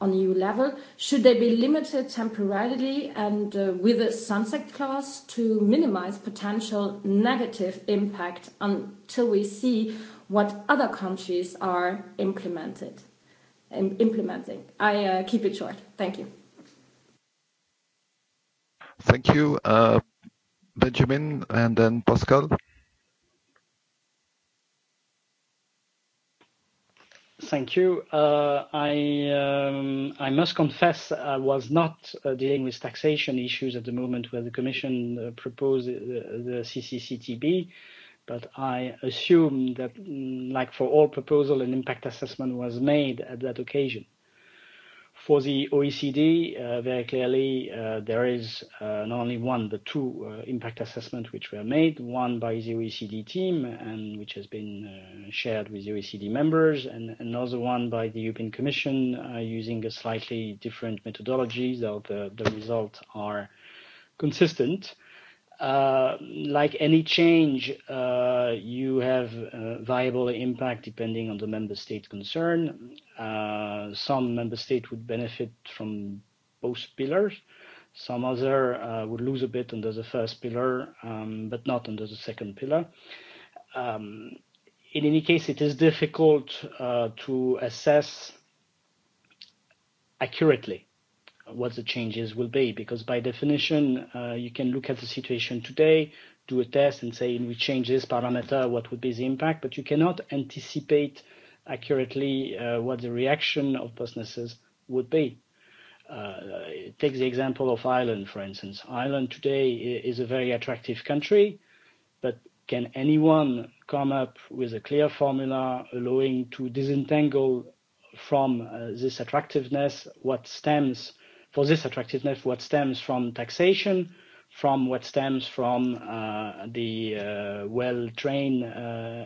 S13: on EU level, should they be limited temporarily and uh, with a sunset clause to minimize potential negative impact until we see what other countries are implemented, implementing? I uh, keep it short. Thank you.
S1: Thank you, uh, Benjamin, and then Pascal.
S6: Thank you. Uh, I um, I must confess I was not uh, dealing with taxation issues at the moment where the Commission uh, proposed uh, the, the CCCTB, but I assume that, mm, like for all proposal, an impact assessment was made at that occasion. For the OECD, uh, very clearly, uh, there is uh, not only one, but two uh, impact assessments which were made, one by the OECD team and which has been uh, shared with OECD members, and another one by the European Commission, uh, using a slightly different methodology, though the results are consistent. Uh, like any change, uh, you have uh, viable impact depending on the member state Uh, some member state would benefit from both pillars. Some other uh, would lose a bit under the first pillar, um, but not under the second pillar. Um, in any case, it is difficult to assess accurately what the changes will be, because by definition, uh, you can look at the situation today, do a test and say, we change this parameter, what would be the impact, but you cannot anticipate accurately uh, what the reaction of businesses would be. Uh, take the example of Ireland, for instance. Ireland today is a very attractive country, but can anyone come up with a clear formula allowing to disentangle from uh, this attractiveness what stems for this attractiveness, what stems from taxation, from what stems from uh, the uh, well-trained uh,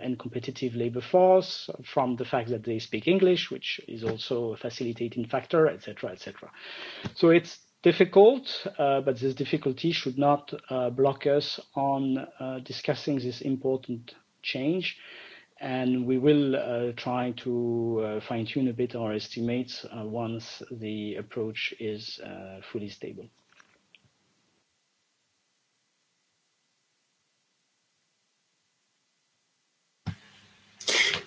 S6: and competitive labor force, from the fact that they speak English, which is also a facilitating factor, etc., cetera, etc. cetera. So it's difficult, uh, but this difficulty should not uh, block us on uh, discussing this important change and we will uh, try to uh, fine-tune a bit our estimates uh, once the approach is fully stable.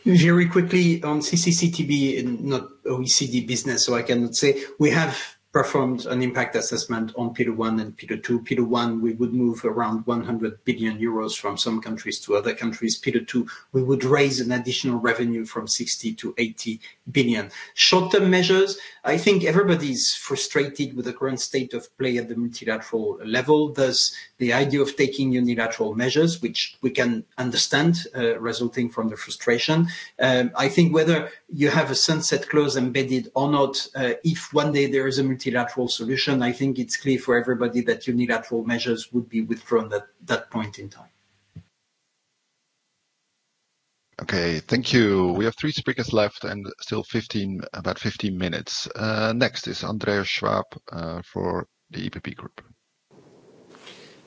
S7: Very quickly on CCCTB, not OECD business, so I cannot say. We have performed an impact assessment on Pillar one and Pillar two. Pillar one we would move around 100 billion euros from some countries to other countries. Pillar two we would raise an additional revenue from 60 to 80 billion. Short-term measures, I think everybody's frustrated with the current state of play at the multilateral level. Thus, the idea of taking unilateral measures, which we can understand, uh, resulting from the frustration. Um, I think whether you have a sunset clause embedded or not. Uh, if one day there is a multilateral solution, I think it's clear for everybody that unilateral measures would be withdrawn at that point in time.
S1: Okay, thank you. We have three speakers left and still 15, about 15 minutes. Uh, next is Andreas Schwab uh, for the EPP Group.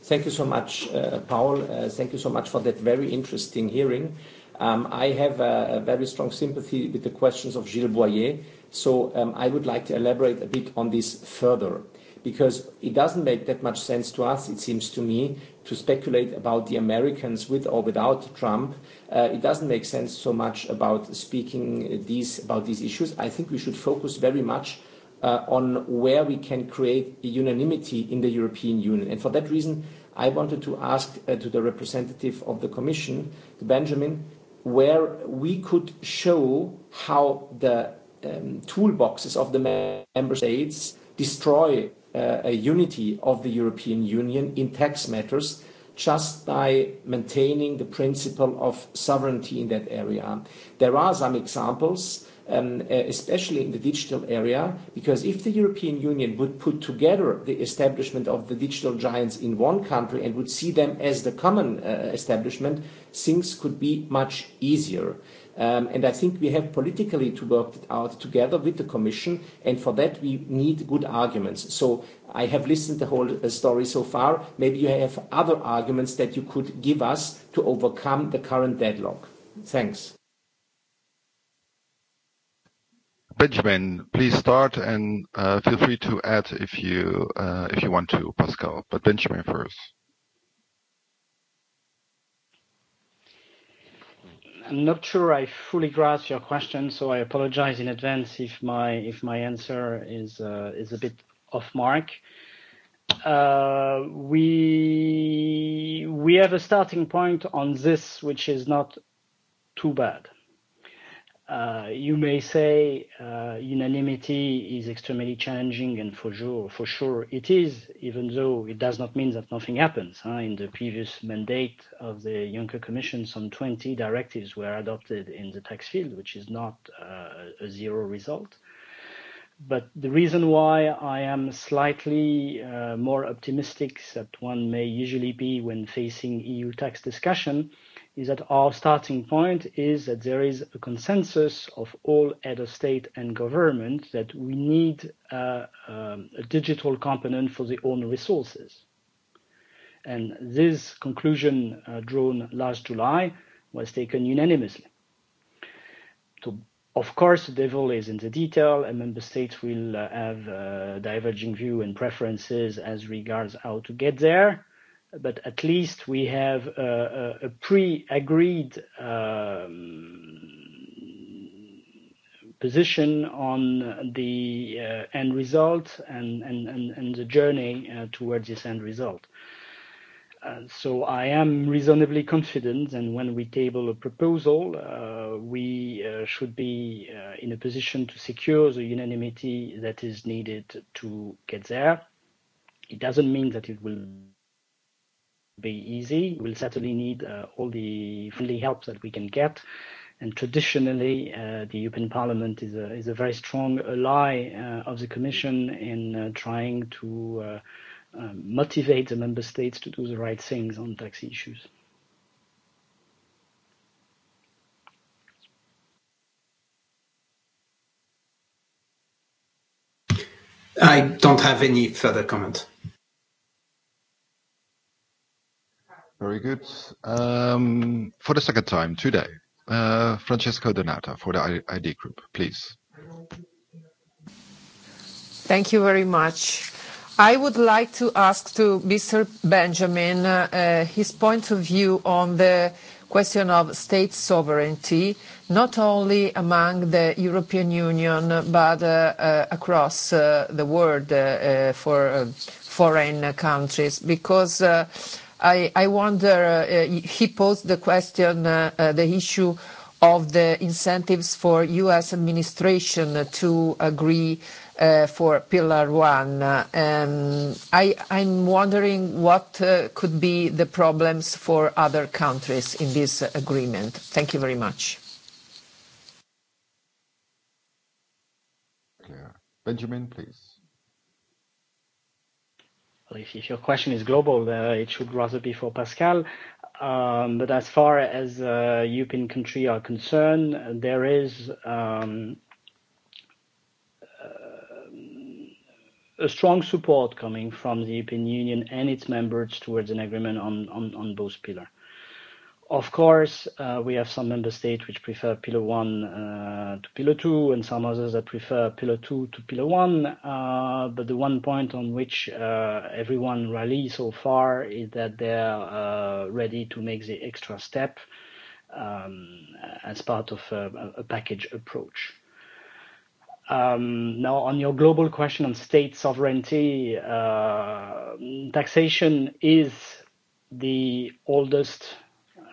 S14: Thank you so much, uh, Paul. Uh, thank you so much for that very interesting hearing. Um, I have a, a, very strong sympathy with the questions of Gilles Boyer, so um, I would like to elaborate a bit on this further, because it doesn't make that much sense to us, it seems to me, to speculate about the Americans with or without Trump. Uh, it doesn't make sense so much about speaking these, about these issues. I think we should focus very much uh, on where we can create unanimity in the European Union. And for that reason, I wanted to ask uh, to the representative of the Commission, to Benjamin, where we could show how the um, toolboxes of the member states destroy uh, a unity of the European Union in tax matters just by maintaining the principle of sovereignty in that area. There are some examples um, uh, especially in the digital area, because if the European Union would put together the establishment of the digital giants in one country and would see them as the common uh, establishment, things could be much easier. Um, and I think we have politically to work it out together with the Commission, and for that we need good arguments. So I have listened the whole uh, story so far. Maybe you have other arguments that you could give us to overcome the current deadlock. Thanks.
S1: Benjamin, please start and uh, feel free to add if you uh, if you want to, Pascal, but Benjamin first.
S6: I'm not sure I fully grasp your question, so I apologize in advance if my if my answer is uh, is a bit off mark. We We have a starting point on this, which is not too bad. Uh, you may say uh, unanimity is extremely challenging, and for sure for sure it is, even though it does not mean that nothing happens. In the previous mandate of the Juncker Commission, some 20 directives were adopted in the tax field, which is not uh, a zero result. But the reason why I am slightly more optimistic that one may usually be when facing EU tax discussion is that our starting point is that there is a consensus of all head of state and government that we need a, uh, um, a digital component for the own resources. And this conclusion uh, drawn last July was taken unanimously. So, of course, the devil is in the detail, and member states will uh, have uh, diverging view and preferences as regards how to get there but at least we have a, a, a pre-agreed um, position on the uh, end result and, and, and, and the journey uh, towards this end result. Uh, so I am reasonably confident, and when we table a proposal, uh, we uh, should be uh, in a position to secure the unanimity that is needed to get there. It doesn't mean that it will be easy. We'll certainly need uh, all the friendly help that we can get. And traditionally, uh, the European Parliament is a, is a very strong ally uh, of the Commission in uh, trying to uh, um, motivate the member states to do the right things on tax issues.
S7: I don't have any further comment.
S1: Very good. Um, for the second time today, uh, Francesco Donata for the ID Group, please.
S8: Thank you very much. I would like to ask to Mr. Benjamin uh, his point of view on the question of state sovereignty, not only among the European Union, but uh, across the world for foreign countries. Because i, wonder, uh, uh, he posed the question, uh, the issue of the incentives for U.S. administration to agree for Pillar One. Um, I, I'm wondering what could be the problems for other countries in this
S1: agreement. Thank you very much. Benjamin, please if, if
S6: your question is global, uh, it should rather be for Pascal. Um, but as far as uh, European country are concerned, there is um, uh, a strong support coming from the European Union and its members towards an agreement on, on, on both pillars. Of course, uh, we have some member states which prefer Pillar uh, to Pillar two, and some others that prefer Pillar two to Pillar Uh, But the one point on which uh, everyone rallies so far is that they're uh, ready to make the extra step um, as part of a package approach. Um, now, on your global question on state sovereignty, taxation is the oldest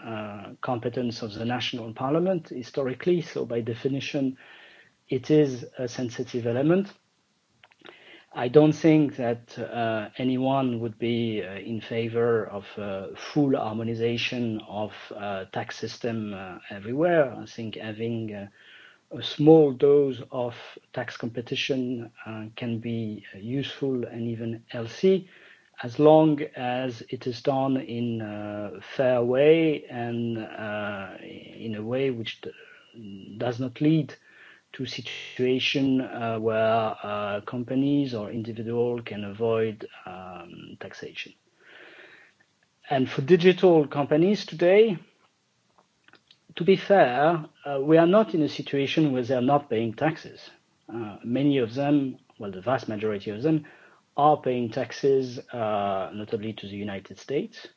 S6: Uh, competence of the national parliament historically. So by definition, it is a sensitive element. I don't think that uh, anyone would be uh, in favor of uh, full harmonization of uh, tax system uh, everywhere. I think having a small dose of tax competition can be useful and even healthy as long as it is done in a fair way and uh, in a way which does not lead to situation uh, where uh, companies or individual can avoid um, taxation. And for digital companies today, to be fair, uh, we are not in a situation where they are not paying taxes. Uh, many of them, well, the vast majority of them, are paying taxes, uh, notably to the United States.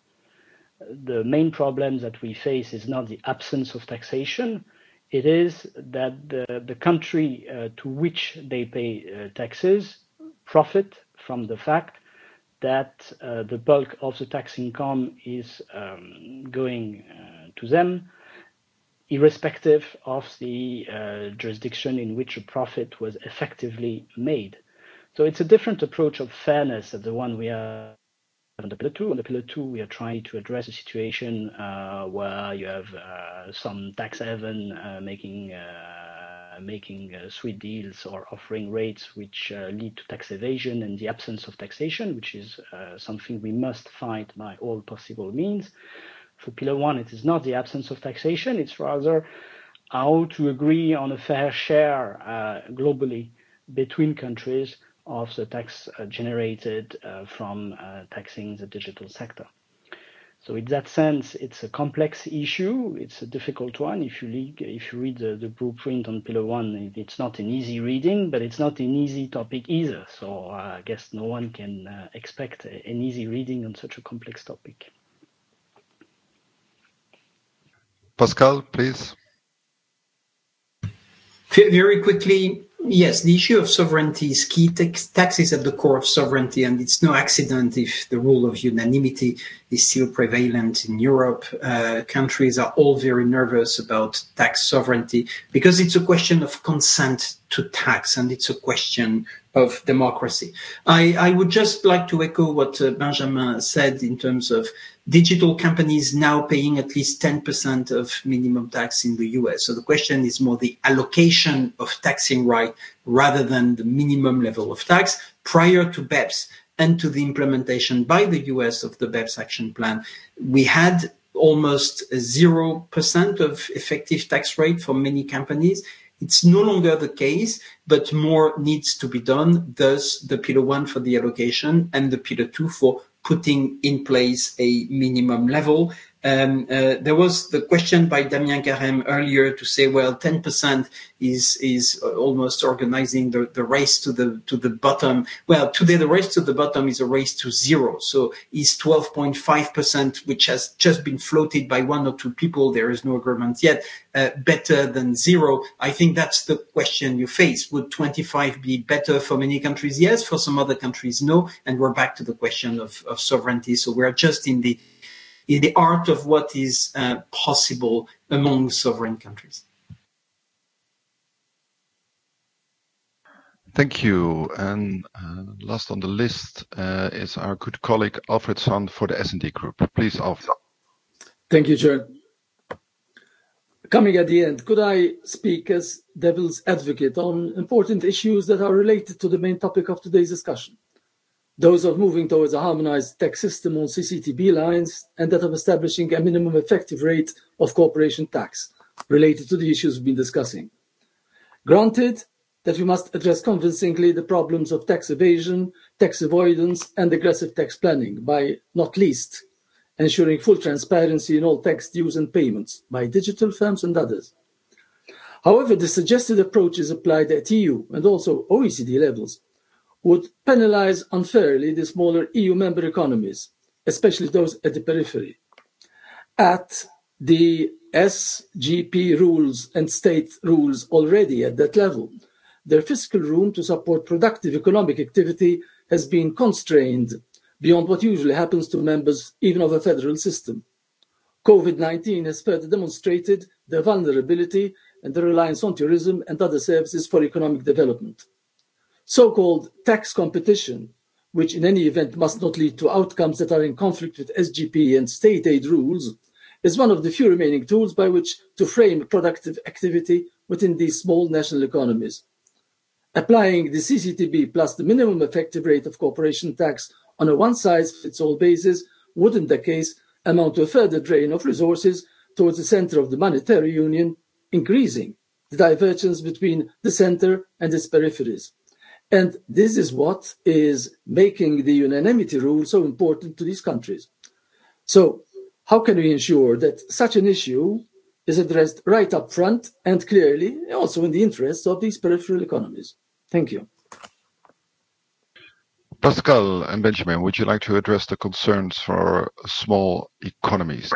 S6: The main problem that we face is not the absence of taxation. It is that the, the country uh, to which they pay uh, taxes profit from the fact that uh, the bulk of the tax income is um, going uh, to them, irrespective of the uh, jurisdiction in which a profit was effectively made. So it's a different approach of fairness than the one we have on the Pillar two. On the Pillar two, we are trying to address a situation uh, where you have uh, some tax haven uh, making uh, making uh, sweet deals or offering rates which uh, lead to tax evasion and the absence of taxation, which is uh, something we must fight by all possible means. For Pillar one, it is not the absence of taxation, it's rather how to agree on a fair share uh, globally between countries of the tax uh, generated uh, from uh, taxing the digital sector. So in that sense, it's a complex issue. It's a difficult one. If you read the blueprint on Pillar One, it's not an easy reading, but it's not an easy topic either. So I guess no one can expect an easy reading on such a complex topic.
S1: Pascal, please.
S6: Very quickly, Yes,
S7: the issue of sovereignty is key. Tax, tax is at the core of sovereignty, and it's no accident if the rule of unanimity is still prevalent in Europe. Uh, countries are all very nervous about tax sovereignty because it's a question of consent to tax, and it's a question of democracy. I, I would just like to echo what uh, Benjamin said in terms of digital companies now paying at least 10% of minimum tax in the US. So the question is more the allocation of taxing right rather than the minimum level of tax prior to BEPS and to the implementation by the US of the BEPS action plan. We had almost 0% of effective tax rate for many companies It's no longer the case, but more needs to be done. Thus, the pillar one for the allocation and the pillar two for putting in place a minimum level Um, uh, there was the question by Damien Carême earlier to say, well, 10% is is almost organizing the, the race to the to the bottom. Well, today the race to the bottom is a race to zero. So is 12.5%, which has just been floated by one or two people, there is no agreement yet, uh, better than zero. I think that's the question you face. Would 25 be better for many countries? Yes. For some other countries, no. And we're back to the question of, of sovereignty. So we're just in the is the art of what is uh, possible among sovereign countries.
S1: Thank you. And uh, last on the list uh, is our good colleague Alfred Sand for the S&D Group. Please, Alfred. Thank you, Chair.
S15: Coming at the end, could I speak as devil's advocate on important issues that are related to the main topic of today's discussion? those of moving towards a harmonized tax system on CCTB lines and that of establishing a minimum effective rate of corporation tax related to the issues we've been discussing. Granted that we must address convincingly the problems of tax evasion, tax avoidance and aggressive tax planning by not least ensuring full transparency in all tax dues and payments by digital firms and others. However, the suggested approach is applied at EU and also OECD levels would penalize unfairly the smaller EU member economies, especially those at the periphery. At the SGP rules and state rules already at that level, their fiscal room to support productive economic activity has been constrained beyond what usually happens to members even of a federal system. COVID-19 has further demonstrated their vulnerability and their reliance on tourism and other services for economic development so-called tax competition, which in any event must not lead to outcomes that are in conflict with SGP and state aid rules, is one of the few remaining tools by which to frame productive activity within these small national economies. Applying the CCTB plus the minimum effective rate of corporation tax on a one-size-fits-all basis would, in the case, amount to a further drain of resources towards the centre of the monetary union, increasing the divergence between the centre and its peripheries. And this is what is making the unanimity rule so important to these countries. So, how can we ensure that such an issue is addressed right up front and clearly, also in the interests of these peripheral economies? Thank you.
S1: Pascal and Benjamin, would you like to address the concerns for small economies?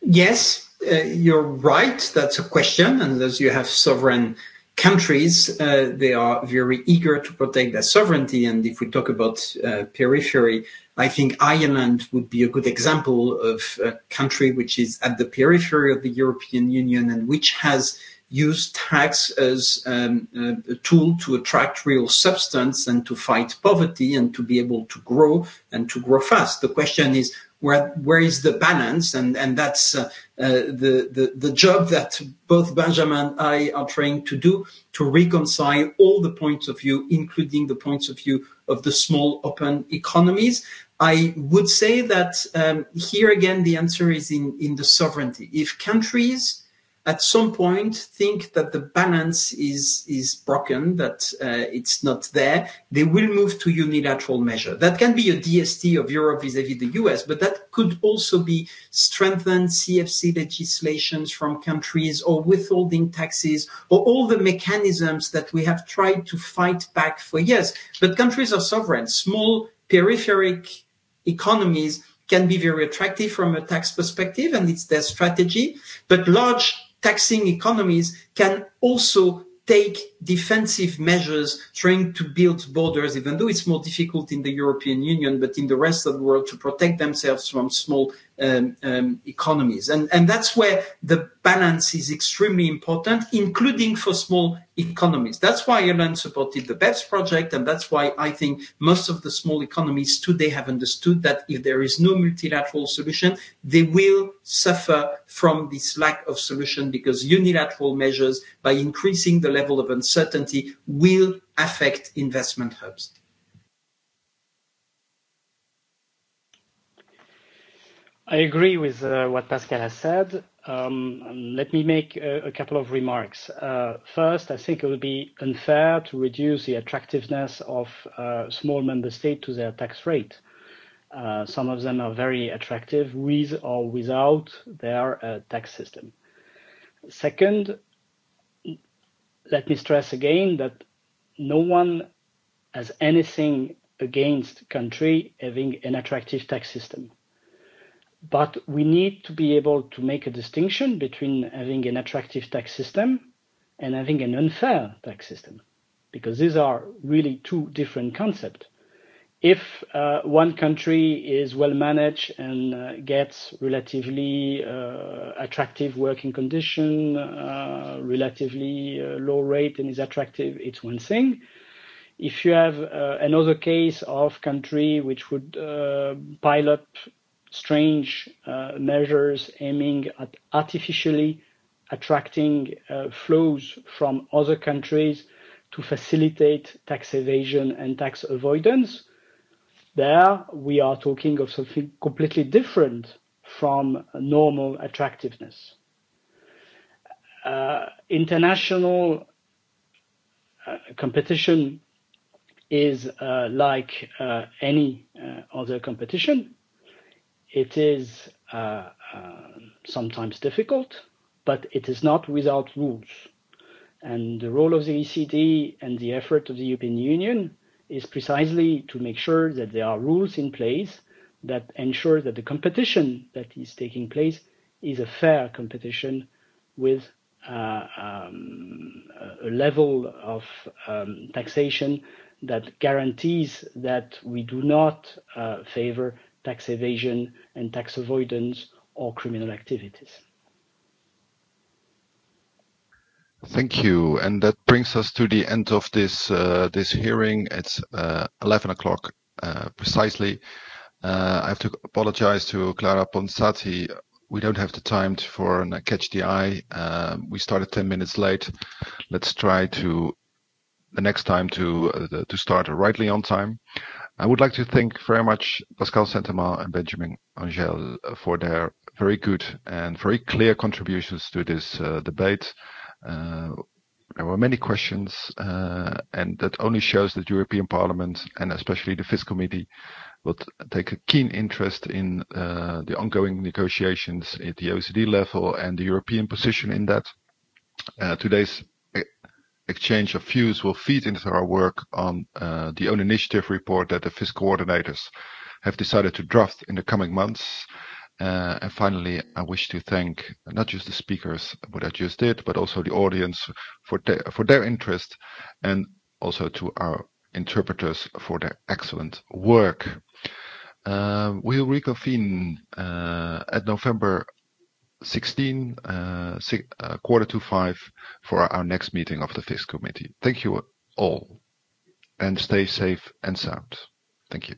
S7: Yes, uh, you're right. That's a question, and as you have sovereign countries, uh, they are very eager to protect their sovereignty. And if we talk about uh, periphery, I think Ireland would be a good example of a country which is at the periphery of the European Union and which has used tax as um, a tool to attract real substance and to fight poverty and to be able to grow and to grow fast. The question is, where where is the balance and and that's uh, uh, the, the the job that both benjamin and i are trying to do to reconcile all the points of view including the points of view of the small open economies i would say that um, here again the answer is in in the sovereignty if countries at some point think that the balance is is broken, that uh, it's not there, they will move to unilateral measure. That can be a DST of Europe vis-à-vis -vis the US, but that could also be strengthened CFC legislations from countries or withholding taxes or all the mechanisms that we have tried to fight back for years. But countries are sovereign. Small peripheric economies can be very attractive from a tax perspective and it's their strategy, but large taxing economies can also take defensive measures trying to build borders, even though it's more difficult in the European Union, but in the rest of the world to protect themselves from small um, um, economies. And, and that's where the balance is extremely important, including for small economies. That's why Ireland supported the BEPS project. And that's why I think most of the small economies today have understood that if there is no multilateral solution, they will suffer from this lack of solution because unilateral measures by increasing the level of uncertainty will affect investment hubs.
S6: I agree with uh, what Pascal has said. Um, let me make a, a couple of remarks. Uh, first, I think it would be unfair to reduce the attractiveness of uh, small member states to their tax rate. Uh, some of them are very attractive with or without their uh, tax system. Second, let me stress again that no one has anything against country having an attractive tax system But we need to be able to make a distinction between having an attractive tax system and having an unfair tax system, because these are really two different concepts. If uh, one country is well managed and uh, gets relatively uh, attractive working condition, uh, relatively uh, low rate and is attractive, it's one thing if you have uh, another case of country which would uh, pile up strange uh, measures aiming at artificially attracting uh, flows from other countries to facilitate tax evasion and tax avoidance. There, we are talking of something completely different from normal attractiveness. Uh, international uh, competition is uh, like uh, any uh, other competition It is uh, uh, sometimes difficult, but it is not without rules. And the role of the ECD and the effort of the European Union is precisely to make sure that there are rules in place that ensure that the competition that is taking place is a fair competition with uh, um, a level of um, taxation that guarantees that we do not uh, favor tax evasion and tax avoidance or criminal activities.
S1: Thank you. And that brings us to the end of this uh, this hearing. It's uh, 11 o'clock uh, precisely. Uh, I have to apologize to Clara Ponsati. We don't have the time to, for a uh, catch the eye. Uh, we started 10 minutes late. Let's try to the next time to to start rightly on time. I would like to thank very much Pascal Saint-Amand and Benjamin Angel for their very good and very clear contributions to this uh, debate. Uh, there were many questions, uh, and that only shows that European Parliament and especially the Fiscal Committee will take a keen interest in uh, the ongoing negotiations at the OECD level and the European position in that. Uh, today's exchange of views will feed into our work on uh, the own initiative report that the fiscal coordinators have decided to draft in the coming months. Uh, and finally, I wish to thank not just the speakers, what I just did, but also the audience for their interest, and also to our interpreters for their excellent work. Uh, we'll reconvene at November 16, uh, uh, quarter to 5 for our next meeting of the FIS committee. Thank you all, and stay safe and sound. Thank you.